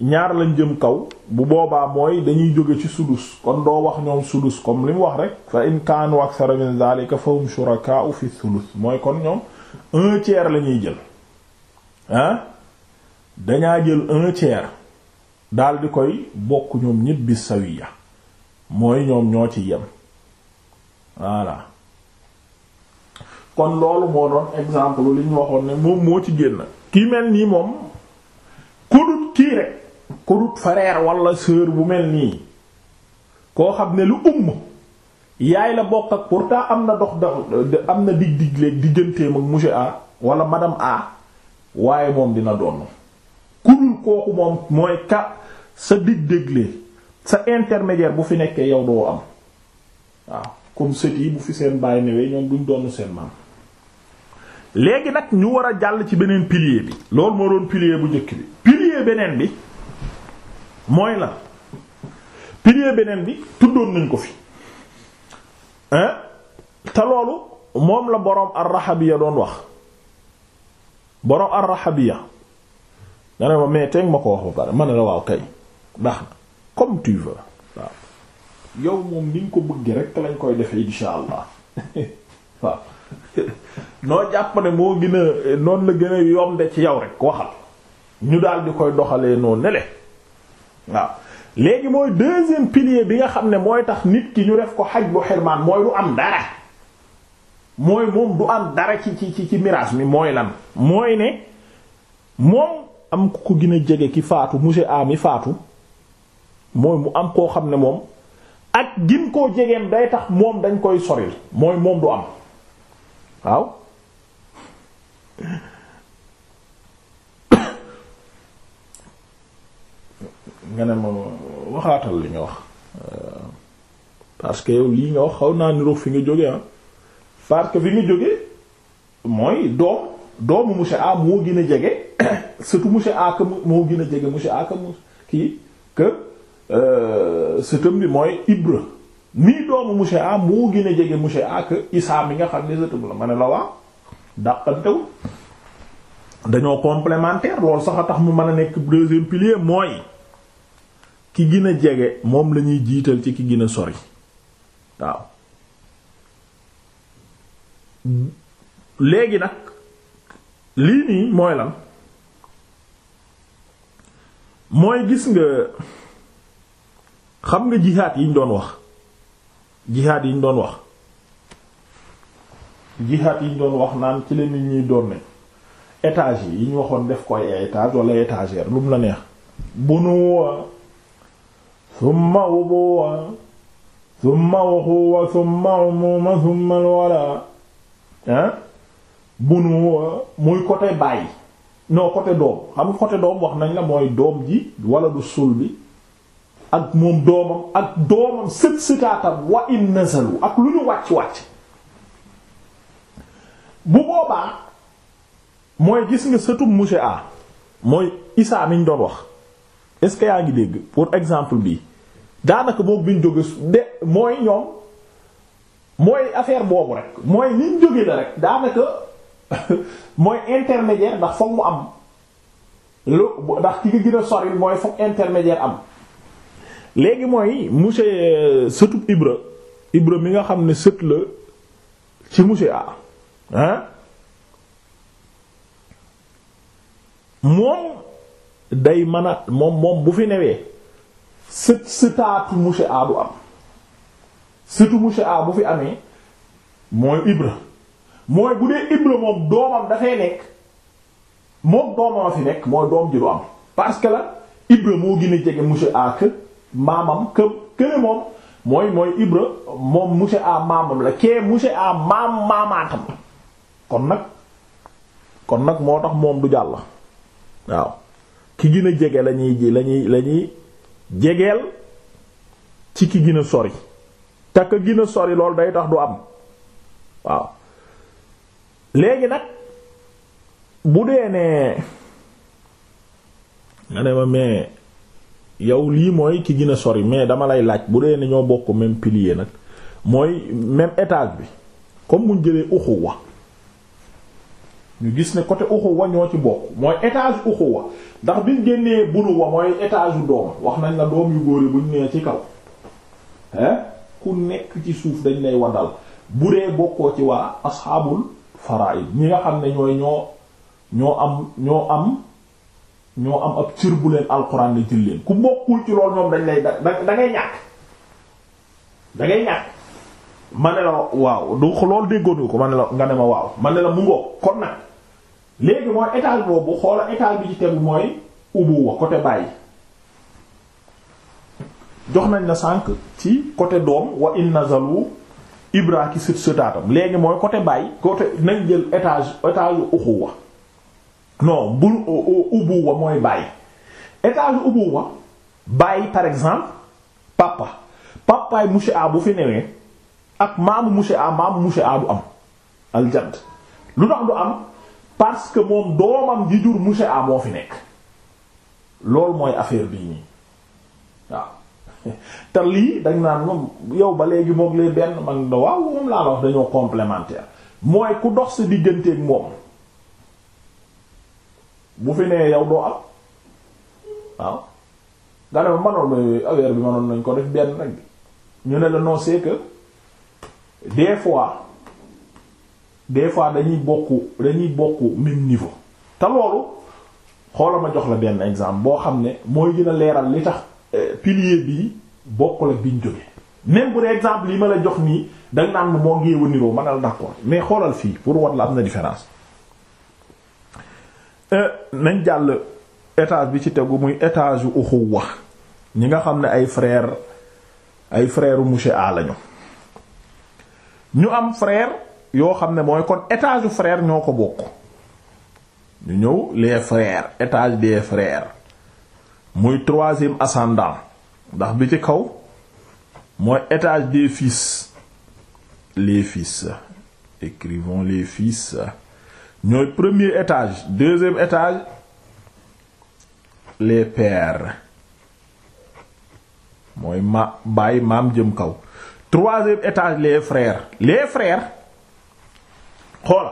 ñaar lañ jëm kaw bu boobaa mooy dañuy jóge ci sudus kon doo wax ñoom sudus comme li mu wax rek fa in kaanu akthara min zalika fahum shurakaa'u fi thuluth mooy kon ñoom un tiers la ñuy jël ah dañaa jël un tiers daal di koy bokk ñoom ñépp bi sawiya mooy ñoom ñoo ci yem voilà kon loolu moo doon exemple li waxoon ne moom moo ci génn kii mel nii moom ku dut kii rek ku dut bu mel nii koo xam ne lu umm yaay la bokk ak pourtant am na dox dox am na dig dig léeg digganteem ak monsieur A wala madame A waaye moom dina doon ku dul kooku moom mooy ka sa dig-dégle sa intermédiaire bu fi nekkee yow doo am waaw comme sët yi bu fi seen bàyyi newee ñoom duñ doon seen maam léegi nag ñu war a jàll ci beneen pilier bi loolu moo doon pilier bu njëkk bi pilier beneen bi mooy la pilier beneen bi tuddoon nañ ko fi te loolu moom la boroom ar-Rahabiyya doon wax borom ar-Rahabiyya nga ne ma mais teeg ma ko wax ba pare ma ne la waaw kay ndax comme tu veux waaw yow moom ni nga ko bëggee rek lañ koy defe insha allah waaw noo jàpp ne moo gën a noonu la gën a yombe ci yow rek waxal ñu daal di koy doxalee noo nele waaw léegi mooy deuxième pilier bi nga xam ne mooy tax nit ki ñu def ko xaj bu xirmaan mooy lu am dara mooy moom du am dara ci ci ci miraas mi mooy lan mooy ne moom am ku ko gën a jege ki faatu monsieur A mi faatu mooy mu am koo xam ne moom ak gin koo jegeem day tax moom dañ koy soril mooy moom du am waaw nga ne ma waxaatal li nga wax euh, parce que yow lii nga wax xaw naa niroog fi nga jóge ah. parce que bi mu jóge mooy doom doomu monsieur A moo a jege surtout monsieur A que moo gën a jege monsieur A mu kii que sëtam bi mooy Ibra nii doomu monsieur A moo gën a jege monsieur A que euh, Isaa mi nga xam ne sëtam la ma ne la waa dàqantewul dañoo complémentaire loolu sax a tax mu mën a nekk deuxième mooy ki gën a jege moom lañuy jiital ci ki gën a sori waaw léegi nag lii nii mooy lan mooy gis nga xam nga jihaad yiñ doon wax jihaad yiñ doon wax jihaad yiñ doon wax naan ci la nit ñuy doon ne étage yi ñu waxoon def ko ay étage wala lu mu la neex bu summa ubuwa summa uxuwa summa umuma summa alwala bu bunu euh, muy côté baay noo côté doom xam nga côté doom wax nañ la mooy doom ji wala du sul bi ak moom doomam ak doomam sët sëtaatam wa in nazalu ak lu ñu wàcc wàcc bu boobaa mooy gis nga sëtum monsieur A mooy Issa miñ doon wax est-ce que yaa ngi dégg pour exemple bi daanaka boobu biñ jóge de mooy ñoom mooy affaire boobu rek mooy niñ jóge la rek daanaka mooy intermédiaire ndax foog mu am lu ndax ki nga gën a mooy foog intermédiaire am léegi mooy monsieur euh, sëtub Ibra Ibra mi nga xam ne sët la ci monsieur A moom day mën a moom moom bu fi newee sët sëtaatu monsieur A du am surtout monsieur A bu fi amee mooy Ibra mooy bu dee Ibra moom doomam dafay nekk moom doomam fi nekk mooy doom ji du am parce que la Ibra moo gin a jege monsieur A que maamam que que moom mooy mooy Ibra moom monsieur maamam la kee monsieur A maam maamaatam kon nag kon nag moo tax moom du jàll waaw ki gën a jege lañuy ji lañuy lañuy jegeel ci ki gën a sori. te ka gën sori loolu day tax du am waaw léegi nag bu dee ne nga ne mais yow lii mooy ki gën a sori mais dama lay laaj bu dee ne ñoo bokk même pilier nag mooy même étage bi comme buñ jëlee uxuwa ñu gis ne côté wa ñoo ci bokk mooy étage uxuwa ndax biñ génnee bunuwa mooy étage u wax nañ la doom yu góor yi buñ nee ci kaw ku nekk ci suuf dañ lay waddal bu dee bokkoo ci waa asxaabul faraid ñi nga xam ne ñooy ñoo ñoo am ñoo am ñoo am ab cër bu leen alxuraan ne jël ku bokkul ci lool ñoom dañ lay da da ngay ñàkk da ñàkk ma ne la waaw du loolu déggoon ko ma ne la nga ne ma waaw ma ne la mu ngoo kon nag léegi mooy étage boobu xoola étage bi ci tegu mooy ubu wa côté bàyyi jox nañ la sànq ci côté doom wa inna zalu ibra ki sët sëtaatam léegi mooy côté bàyyi côté nañ jël étage étage uxuwa non bu ubuwa mooy bàyyi étage ubuwa bàyyi par exemple papa papaay monsieur A bu fi newee ak maamu monsieur A maamu monsieur A du am aljad lu tax du am parce que moom doomam ji jur monsieur A moo fi nekk loolu mooy affaire bi nii te lii dañ naan moom yow ba léegi moog lee benn man da waaw moom laa la ku dox sa moom bu fi yow doo am waaw nga ne nañ ko def benn ñu ne la non c'est fois des fois dañuy bokku dañuy bokku même niveau te loolu ma jox la benn exemple boo xam ne mooy gën a leeral li tax Euh, pilier bi bokkul bi biñ jóge même bu dee exemple yi ma la jox nii danga naan moo ngéew a niroo ma ne la mais xoolal fii pour wat la am na différence euh, nañ jàll étage bi ci tegu muy étage yu uxuwa ñi nga xam ne ay frère ay frère monsieur A lañu ñu am frère yoo xam ne mooy kon étage yu ñoo ko bokk ñu ñëw les frères étage des frères muy troisième ascendant ndax bi ci kaw mooy étage des fis les fils écrivons les fils ñooy premier étage deuxième étage les pères mooy ma bàyyi maam jëm kaw troisième étage les frères les frères xool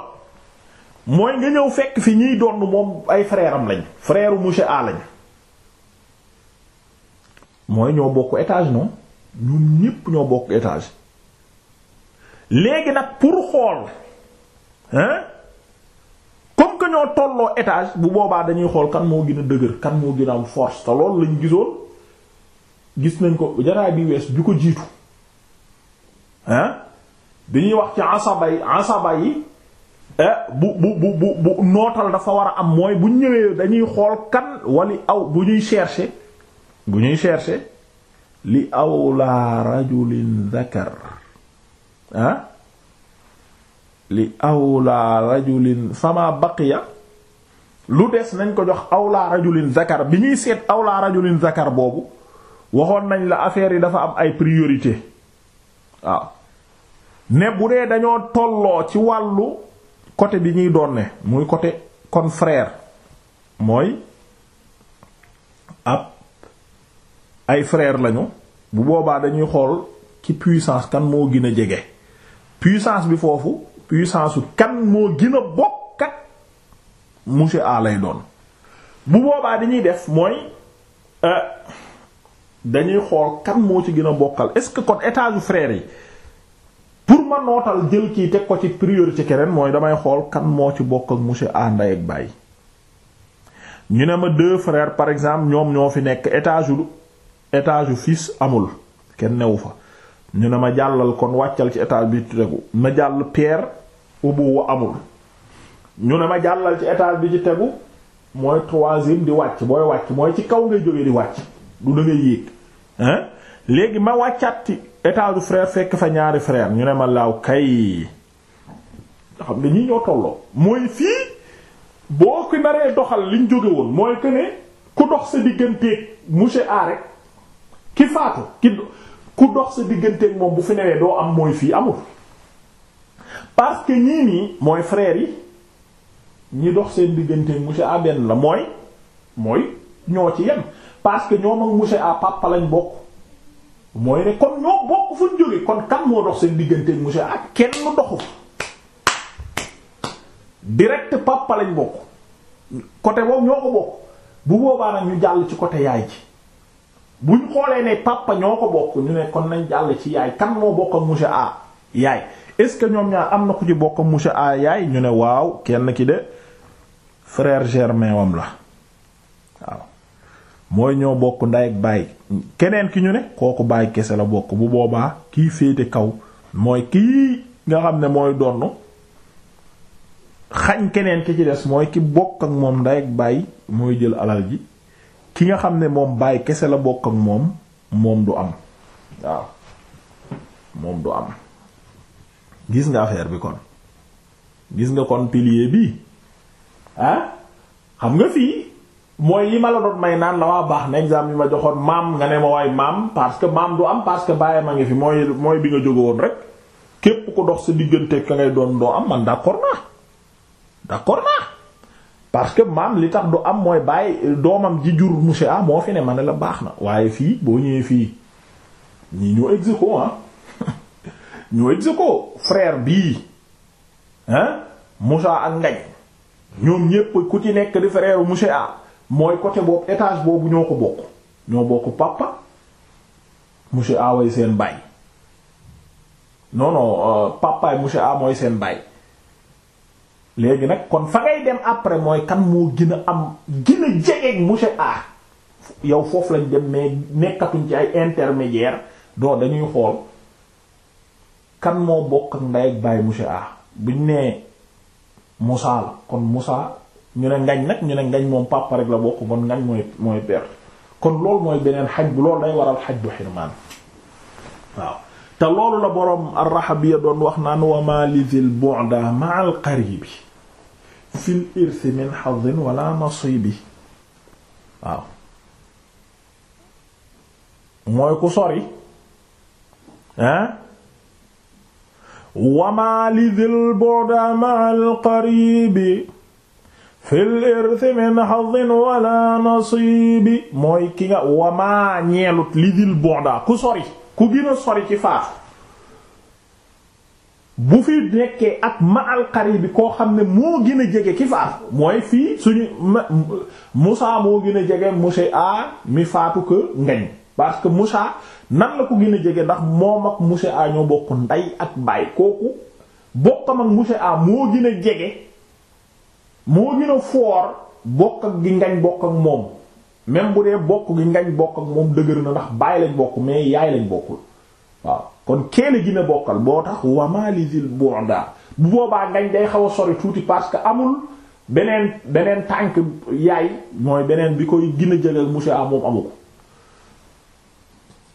mooy nga ñëw fekk fi ñuy doon moom ay frère am lañ frère monsieur A lañ mooy ñoo bokk étage non ñun ñépp ñoo bokk étage léegi nag pour xool hein comme que ñoo tolloo étage bu boobaa dañuy xool kan moo gën a dëgër kan moo gën a am force te loolu lañ gisoon gis nañ ko jaraay bi wees bi ko jiitu hein ñuy wax ci asaba yi asaba eh, bu bu bu bu bu nootal dafa war a am mooy bu ñëwee dañuy xool kan wali aw bu ñuy chercher bu ñuy chercher li awlaa rajulin zakar ah li awlaa rajulin fama baqiya lu des nañ ko jox awlaa rajulin zakar bi ñuy seet awlaa rajulin zakar boobu waxoon nañ la affaire yi dafa am ay priorité waaw ne bu dee dañoo tolloo ci wàllu côté bi ñuy doon ne muy côté confrère mooy ab ay frère lañu bu boobaa dañuy xool ci puissance kan moo gën a jege puissance bi foofu puissance kan moo gën a bokk ak monsieur A lay doon bu boobaa dañuy def mooy euh, dañuy xool kan moo ci gën a bokkal est-ce que kon état yu frère yi pour ma nootal jël kii teg ko ci priorité keneen mooy damay xool kan moo ci bokk ak monsieur A nday ak baay ñu ne ma deux frères par exemple ñoom ñoo fi nekk étage yu étage yu fiis amul kenn newu fa ñu ne ma jàllal kon wàccal ci étage bi tegu ma jàll pierre ubu wa amul ñu ne ma jàllal ci étage bi ci tegu mooy troisième di wàcc booy wàcc mooy ci kaw ngay jógee di wàcc du da ngay yéeg hein léegi ma wàccati étage du frère fekk fa ñaari frère ñu ne ma laaw kay nga xam ne ñii ñoo tolloo mooy fii boo ko naree doxal liñ jóge woon mooy que ku dox sa digganteeg monsieur A rek ki faatu ki ku dox sa digganteeg moom bu fi newee doo am mooy fii amul parce ñii nii mooy frères yi ñi dox seen digganteeg monsieur A benn la mooy mooy ñoo ci yem parce que ñoom ak monsieur A papa lañ bokk mooy ne kon ñoo bokk fu ñu kon kan moo dox seen digganteeg monsieur A kenn doxu direct papa lañ bokk côté boobu ñoo ko bokk bu boobaa nag ñu jàll ci côté yaay ji. buñ xoolee ne papa ñoo ko bokk ñu ne kon nañ jàll ci yaay kan moo bokk ak monsieur A yaay est-ce que ñoom ñaar am na ku ci bokk ak monsieur yaay ñu ne waaw kenn ki de frère germain wam la waaw mooy ñoo bokk nday ak baay keneen ki ñu ne kooku baay kese la bokk bu boobaa kii féete kaw mooy kii nga xam ne mooy donn xañ keneen ki ci des mooy ki bokk ak moom nday ak baay mooy jël alal ji ki nga xam ne moom bàyyi kese la bokk ak moom moom du am waaw moom du am gis nga affaire bi kon gis nga kon pilier bi ah xam nga fii mooy yi ma la doon may naan la waa baax na exemple yi ma joxoon maam nga ne ma waay maam parce que maam du am parce que bàyyi ma ngi fi mooy mooy bi nga jóge rek képp ko dox sa diggante ka ngay doon doo am man d'accord naa d'accord naa parce que maam li tax du am mooy bàyyi doomam di jur monsieur A moo fi ne ma la baax na waaye fii boo ñëwee fii ñii ñoo ex aequo ah ñoo ex aequo frère bii hein Moussa ak Ngañ ñoom ñépp ku ci nekk di frère monsieur A mooy côté boobu étage boobu ñoo ko bokk ñoo bokk papa monsieur A way seen baay non non euh, papaay monsieur A mooy seen baay. léegi nag kon fa ngay dem après mooy kan moo gën am gën a jegeeg monsieur yow foofu lañ dem mais nekkatuñ ci ay intermédiaire doo dañuy xool kan moo bokk ak ndey ak baay monsieur A buñ nee Moussa la kon Moussa ñu ne ngañ nag ñu ne ngañ moom papa rek la bokk kon ngañ mooy mooy kon loolu mooy beneen xaj bu loolu day waral xaj bu xirmaan waaw te loolu la boroom ar-Rahabiyya doon wax naa wa ma li dhil bu'da ma'al qaribi fil irthi min xadin wala nasibi waaw mooy ku sori ah wama li dhil bu'da ma'a al-qaribi fil irthi min hadin wala nasibi mooy ki nga wamaa ñeelut li dhil bu'da ku sori ku gën a sori ci faatu bu fi nekkee ak ma alqari bi koo xam ne moo gën a jege ki faatu mooy fii suñu Moussa moo gën a jege monsieur A mi faatu que ngañ parce que Moussa nan la ko gën a jege ndax moom ak monsieur A ñoo bokk ndey ak baay kooku bokkam ak monsieur A moo gën a jege moo gën a foor bokk ak gi ngañ bokk ak moom même bu dee bokk gi ngañ bokk ak moom dëgër na ndax baay lañ bokk mais yaay lañ bokkul waaw. kon keele gi ne bokkal boo tax wamalisil bonda bu boobaa ngañ day xaw a sori tuuti parce que amul beneen beneen tànk yaay mooy beneen bi koy gina a jege musa moom amu ko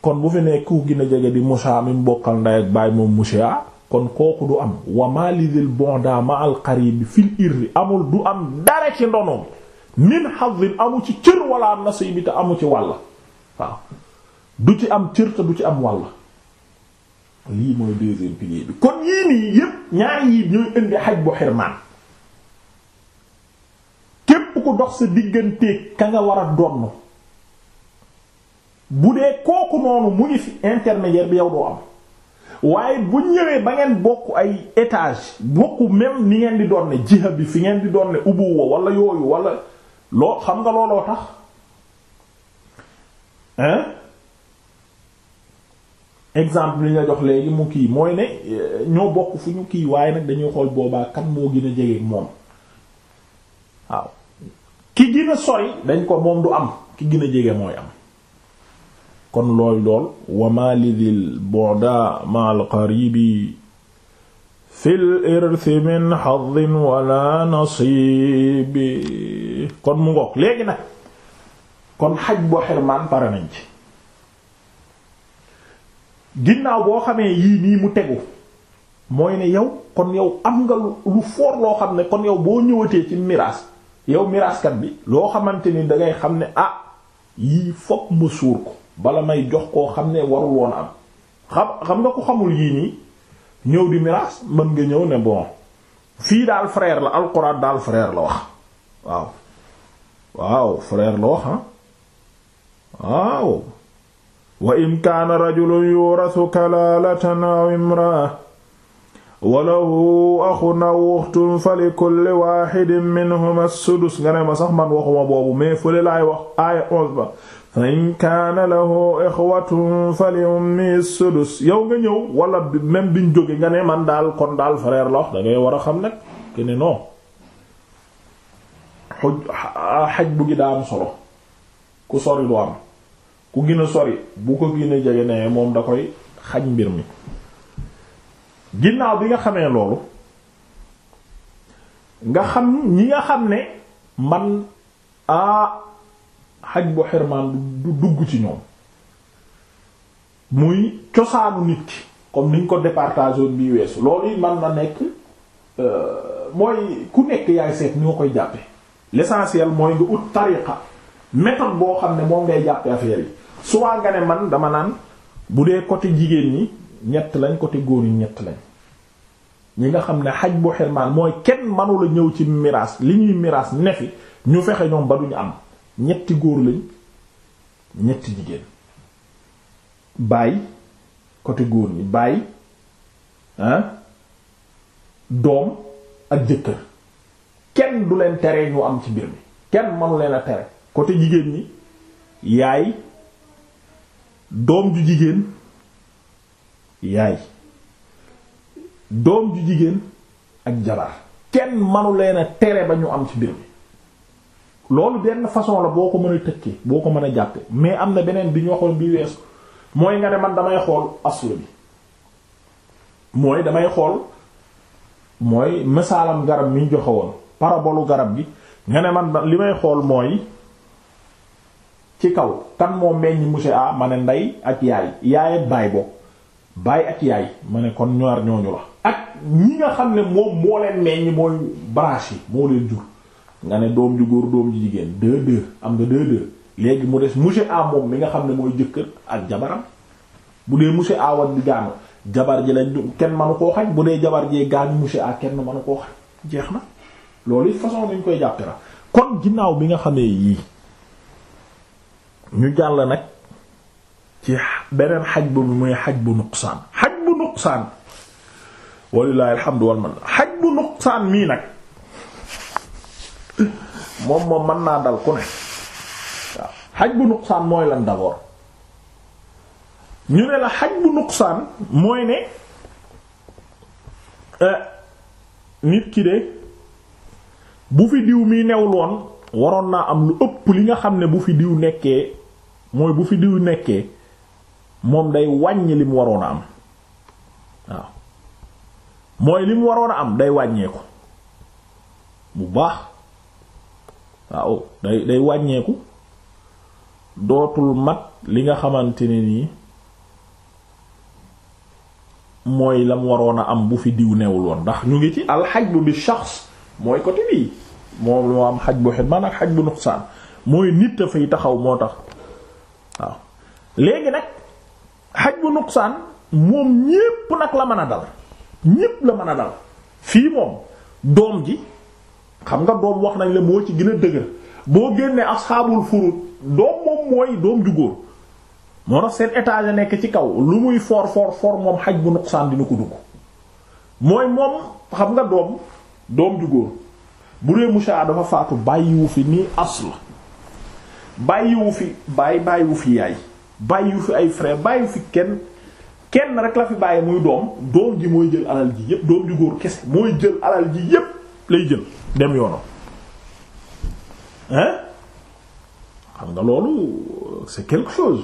kon bu fi ne gina gën a jege di musa mi bokkal nday ak baay moom musa kon kooku du am wamalisil bonda ma al qarib fil irri amul du am dara ci ndonoom min hazin amu ci cër wala nasibi te amu ci wàll waaw du ci am cër te du ci am wàll lii mooy deuxième pilier bi kon yii nii yépp ñaari yii ñooy indi xaj bu xirmaan képp ku dox sa diggante ka nga war a donn bu dee kooku noonu mu ngi fi intermédiaire bi yow doo am waaye bu ñëwee ba ngeen bokk ay étage bokk même ni ngeen di doon ne jiha bi fi ngeen di doon ne ubuwa wala yooyu wala loo xam nga looloo tax exemple li nga jox léegi mu kii mooy ne euh, ñoo bokk fu ñu kii waaye nag dañuy xool boobaa kan moo gën a jege moom waaw ki gën a sori dañ ko moom du am ki gën a jege mooy am kon looy lool wa ma lidil bu'da ma al qaribi fil irthi min hadhin mu ngoog kon xaj bu xirmaan pare nañ ci ginnaaw boo xamee yii nii mu tegu mooy ne yow kon yow am nga lu foor loo xam ne kon yow boo ñëwatee ci miraas yow miraaskat bi loo xamante ni dangay xam ne ah yii fokk ma suur ko bala may jox koo xam ne warul am xam xam nga ko xamul yii nii ñëw di miraas mën nga ñëw ne bon fii daal frère la alxuraan daal frère la wax waaw waaw frère la wax ah waaw wa in kaana rajulun yuurasu kalaalatan aw imraa wa lahu aw uxtun fa li kulli waaxidin sudus nga ne ma sax man waxuma boobu mais fële laay wax aaya onze ba fa in kaana lahu sudus yow nga ñëw wala même biñ jóge nga ne man daal kon daal frère la wax da ngay war a xam nag ke ne non xaj bu gi daa am ku sori lu ku gën a sori bu ko gën a na nee moom da koy xañ mbir mi ginnaaw bi nga xamee loolu nga xam ñi nga xam ne man a xaj bu xirmaan du dugg ci ñoom muy cosaanu nit ki comme niñ ko départage bi weesu loolu man na nekk euh, mooy ku nekk yaay seet ni koy jàppe l'essentiel mooy nga ut tariqa méthode boo xam ne moom ngay jàppe affaire yi soit nga ne man dama naan bu dee côté jigéen ñi ñett lañ côté góor ñi ñett lañ ñi nga xam ne xaj bu xirmaan mooy kenn manula ñëw ci miraas li ñuy miraas nefi ñu fexe ñoom ba duñu am ñetti góor lañ ñetti jigéen baay côté góor ñi baay doom ak jëkkër kenn du leen tere ñu am ci mbir mi kenn manu leen a tere côté jigéen ñi yaay doom ju jigéen yaay doom ju jigéen ak jabar kenn manu leen a tere ba ñu am ci mbir mi loolu benn façon la boo ko mën a tëkkee boo ko mën a jàppe mais am na beneen bi ñu waxoon bi weesu mooy nga ne man damay xool aslu bi mooy damay xool mooy misaalam garab mi ñu joxe woon parabolu garab bi nga ne man li may xool mooy ci kaw kan moo meññ monsieur A ma ne ndey ak yaay yaay ak baay bokk baay ak yaay ma ne kon ñaar ñooñu la ak ñi nga xam ne moom moo leen meññ mooy branche yi moo leen jur nga ne doom ju góor doom ju jigéen deux deux am nga deux deux léegi mu des monsieur A moom mi nga xam ne mooy jëkkër ak jabaram bu dee monsieur A wat di gaanu jabar ji lañ du kenn manu koo xaj bu dee jabar jee gaanu monsieur A kenn manu koo xaj jeex na loolu façon nañ koy jàppe la kon ginnaaw bi nga xamee ñu jàll nag ci beneen xaj bu muy xaj bu nuqsaan xaj bu nuqsaan wallaahi alhamdu wal man xaj bu nuqsaan mii nag moom moom mën naa dal ku ne xaj bu nuqsaan mooy lan d'abord ñu ne la xaj bu nuqsaan mooy ne euh, nit ki de bu fi diw mii newul woon waroon naa am lu ëpp li nga xam ne bu fi diw nekkee mooy bu fi diw nekkee moom day wàññi li mu waroon a am waaw mooy li mu waroon a am day wàññeeku bu baax waaw day day wàññeeku dootul mat li nga xamante ne nii mooy la mu waroon a am bu fi diw newul woon ndax ñu ngi ci alxajbu bi shaxs mooy côté bii moom lu am xaj bu xidman ak xaj bu nuqsaan mooy nit a fay taxaw moo tax waaw léegi nag xaj bu nuqsaan moom ñépp nag la mën a dal ñépp la mën a dal fii moom doom ji xam nga doom wax nañ la moo ci gën a dëgër boo génnee asxaabul furud doom moom mooy doom ju góor moo tax seen étage a nekk ci kaw lu muy for for for moom xaj bu nuqsaan dina ko dugg mooy moom xam nga doom doom ju góor bu dee musa dafa faatu bàyyiwu fi nii asl bàyyiwu fi bàyyi bàyyiwu fi yaay bàyyiwu fi ay frère bàyyiwu fi kenn kenn rek la fi bàyyi muy doom doom ji mooy jël alal ji yépp doom ju góor kese mooy jël alal ji yépp lay jël dem yoonam hein xam nga loolu c'est quelque chose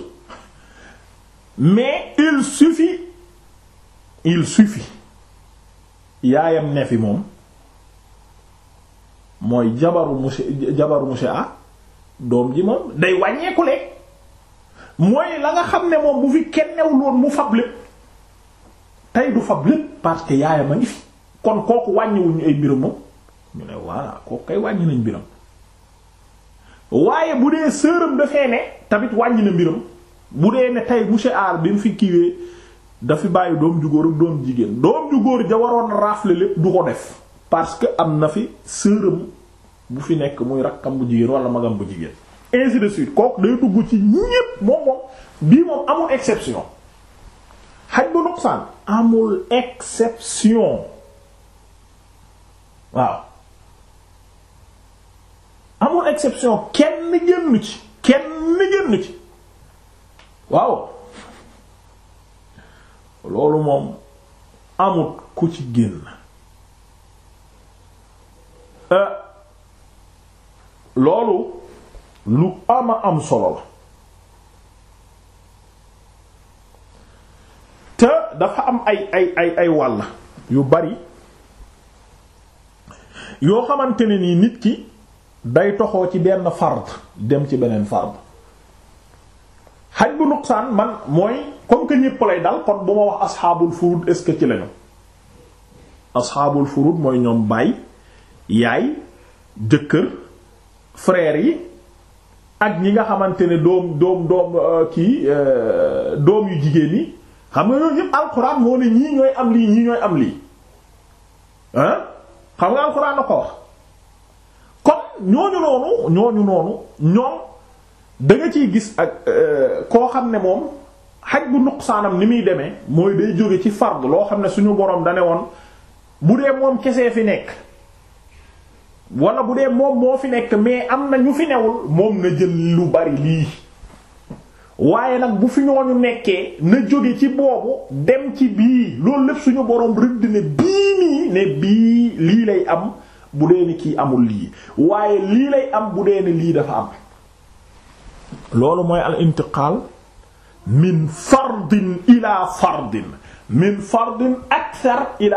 mais il suffit il suffit yaayam ne fi moom mooy jabaru monsieur jabaru monsieur A doom ji moom day wàññeeku lekk mooy la nga xam ne moom bu fi kenn new woon mu fab lépp tey du fab lépp parce que yaayam a ngi fi kon kooku wàññiwuñu ay mbiram moom ñu ne voilà kooku kay wàññi nañ mbiram waaye bu dee sëram dafee ne tamit wàññi na mbiram bu dee ne tey monsieur aar bi mu fi kiiwee dafi bàyyi doom ju ak doom jigéen doom ju góor ja waroon raafle lépp du ko def parce que am na fi sëram bu fi nekk muy rakkam bu jigéen wala magam bu jigéen ainsi de suite kooku day dugg ci ñépp moom moom bii moom amul exception xaj bu nuqsaan amul exception waaw amul exception kenn génn ci kenn génn ci waaw loolu moom amut ku ci génn euh, loolu lu ama am solo la te dafa am ay ay ay ay wàll yu bari yoo xamante ne nii nit ki day toxoo ci benn fard dem ci beneen fard xaj bu nuqsaan man mooy comme que ñépp lay dal kon bu ma wax asxaabul furud est ci lañu asxaabul furud mooy ñoom baay yaay jëkkër frères yi ak ñi nga xamante ne doom doom doom euh, kii euh, doom yu jigéen yi xam nga yooyu yëpp alxuraan moo ñii ñooy am lii ñii ñooy am lii xam nga alxuraan na ko wax kon ñooñu noonu ñooñu noonu ñoom da ciy gis ak euh, koo xam ne moom xaj bu nuqsaanam ni muy demee mooy day jóge ci fard loo xam ne suñu borom da woon bu dee moom kesee fi nekk. wala bu dee moom moo fi nekk mais am na ñu fi newul moom na jël lu bari lii waaye nag bu fi ñooñu nekkee na jóge ci boobu dem ci bii loolu lépp suñu boroom rëdd ne bii nii ne bii lii lay am bu dee ni kii amul lii waaye lii lay am bu dee ni lii dafa am loolu mooy al intiqaal min fardin ila fardin min fardin akthar ila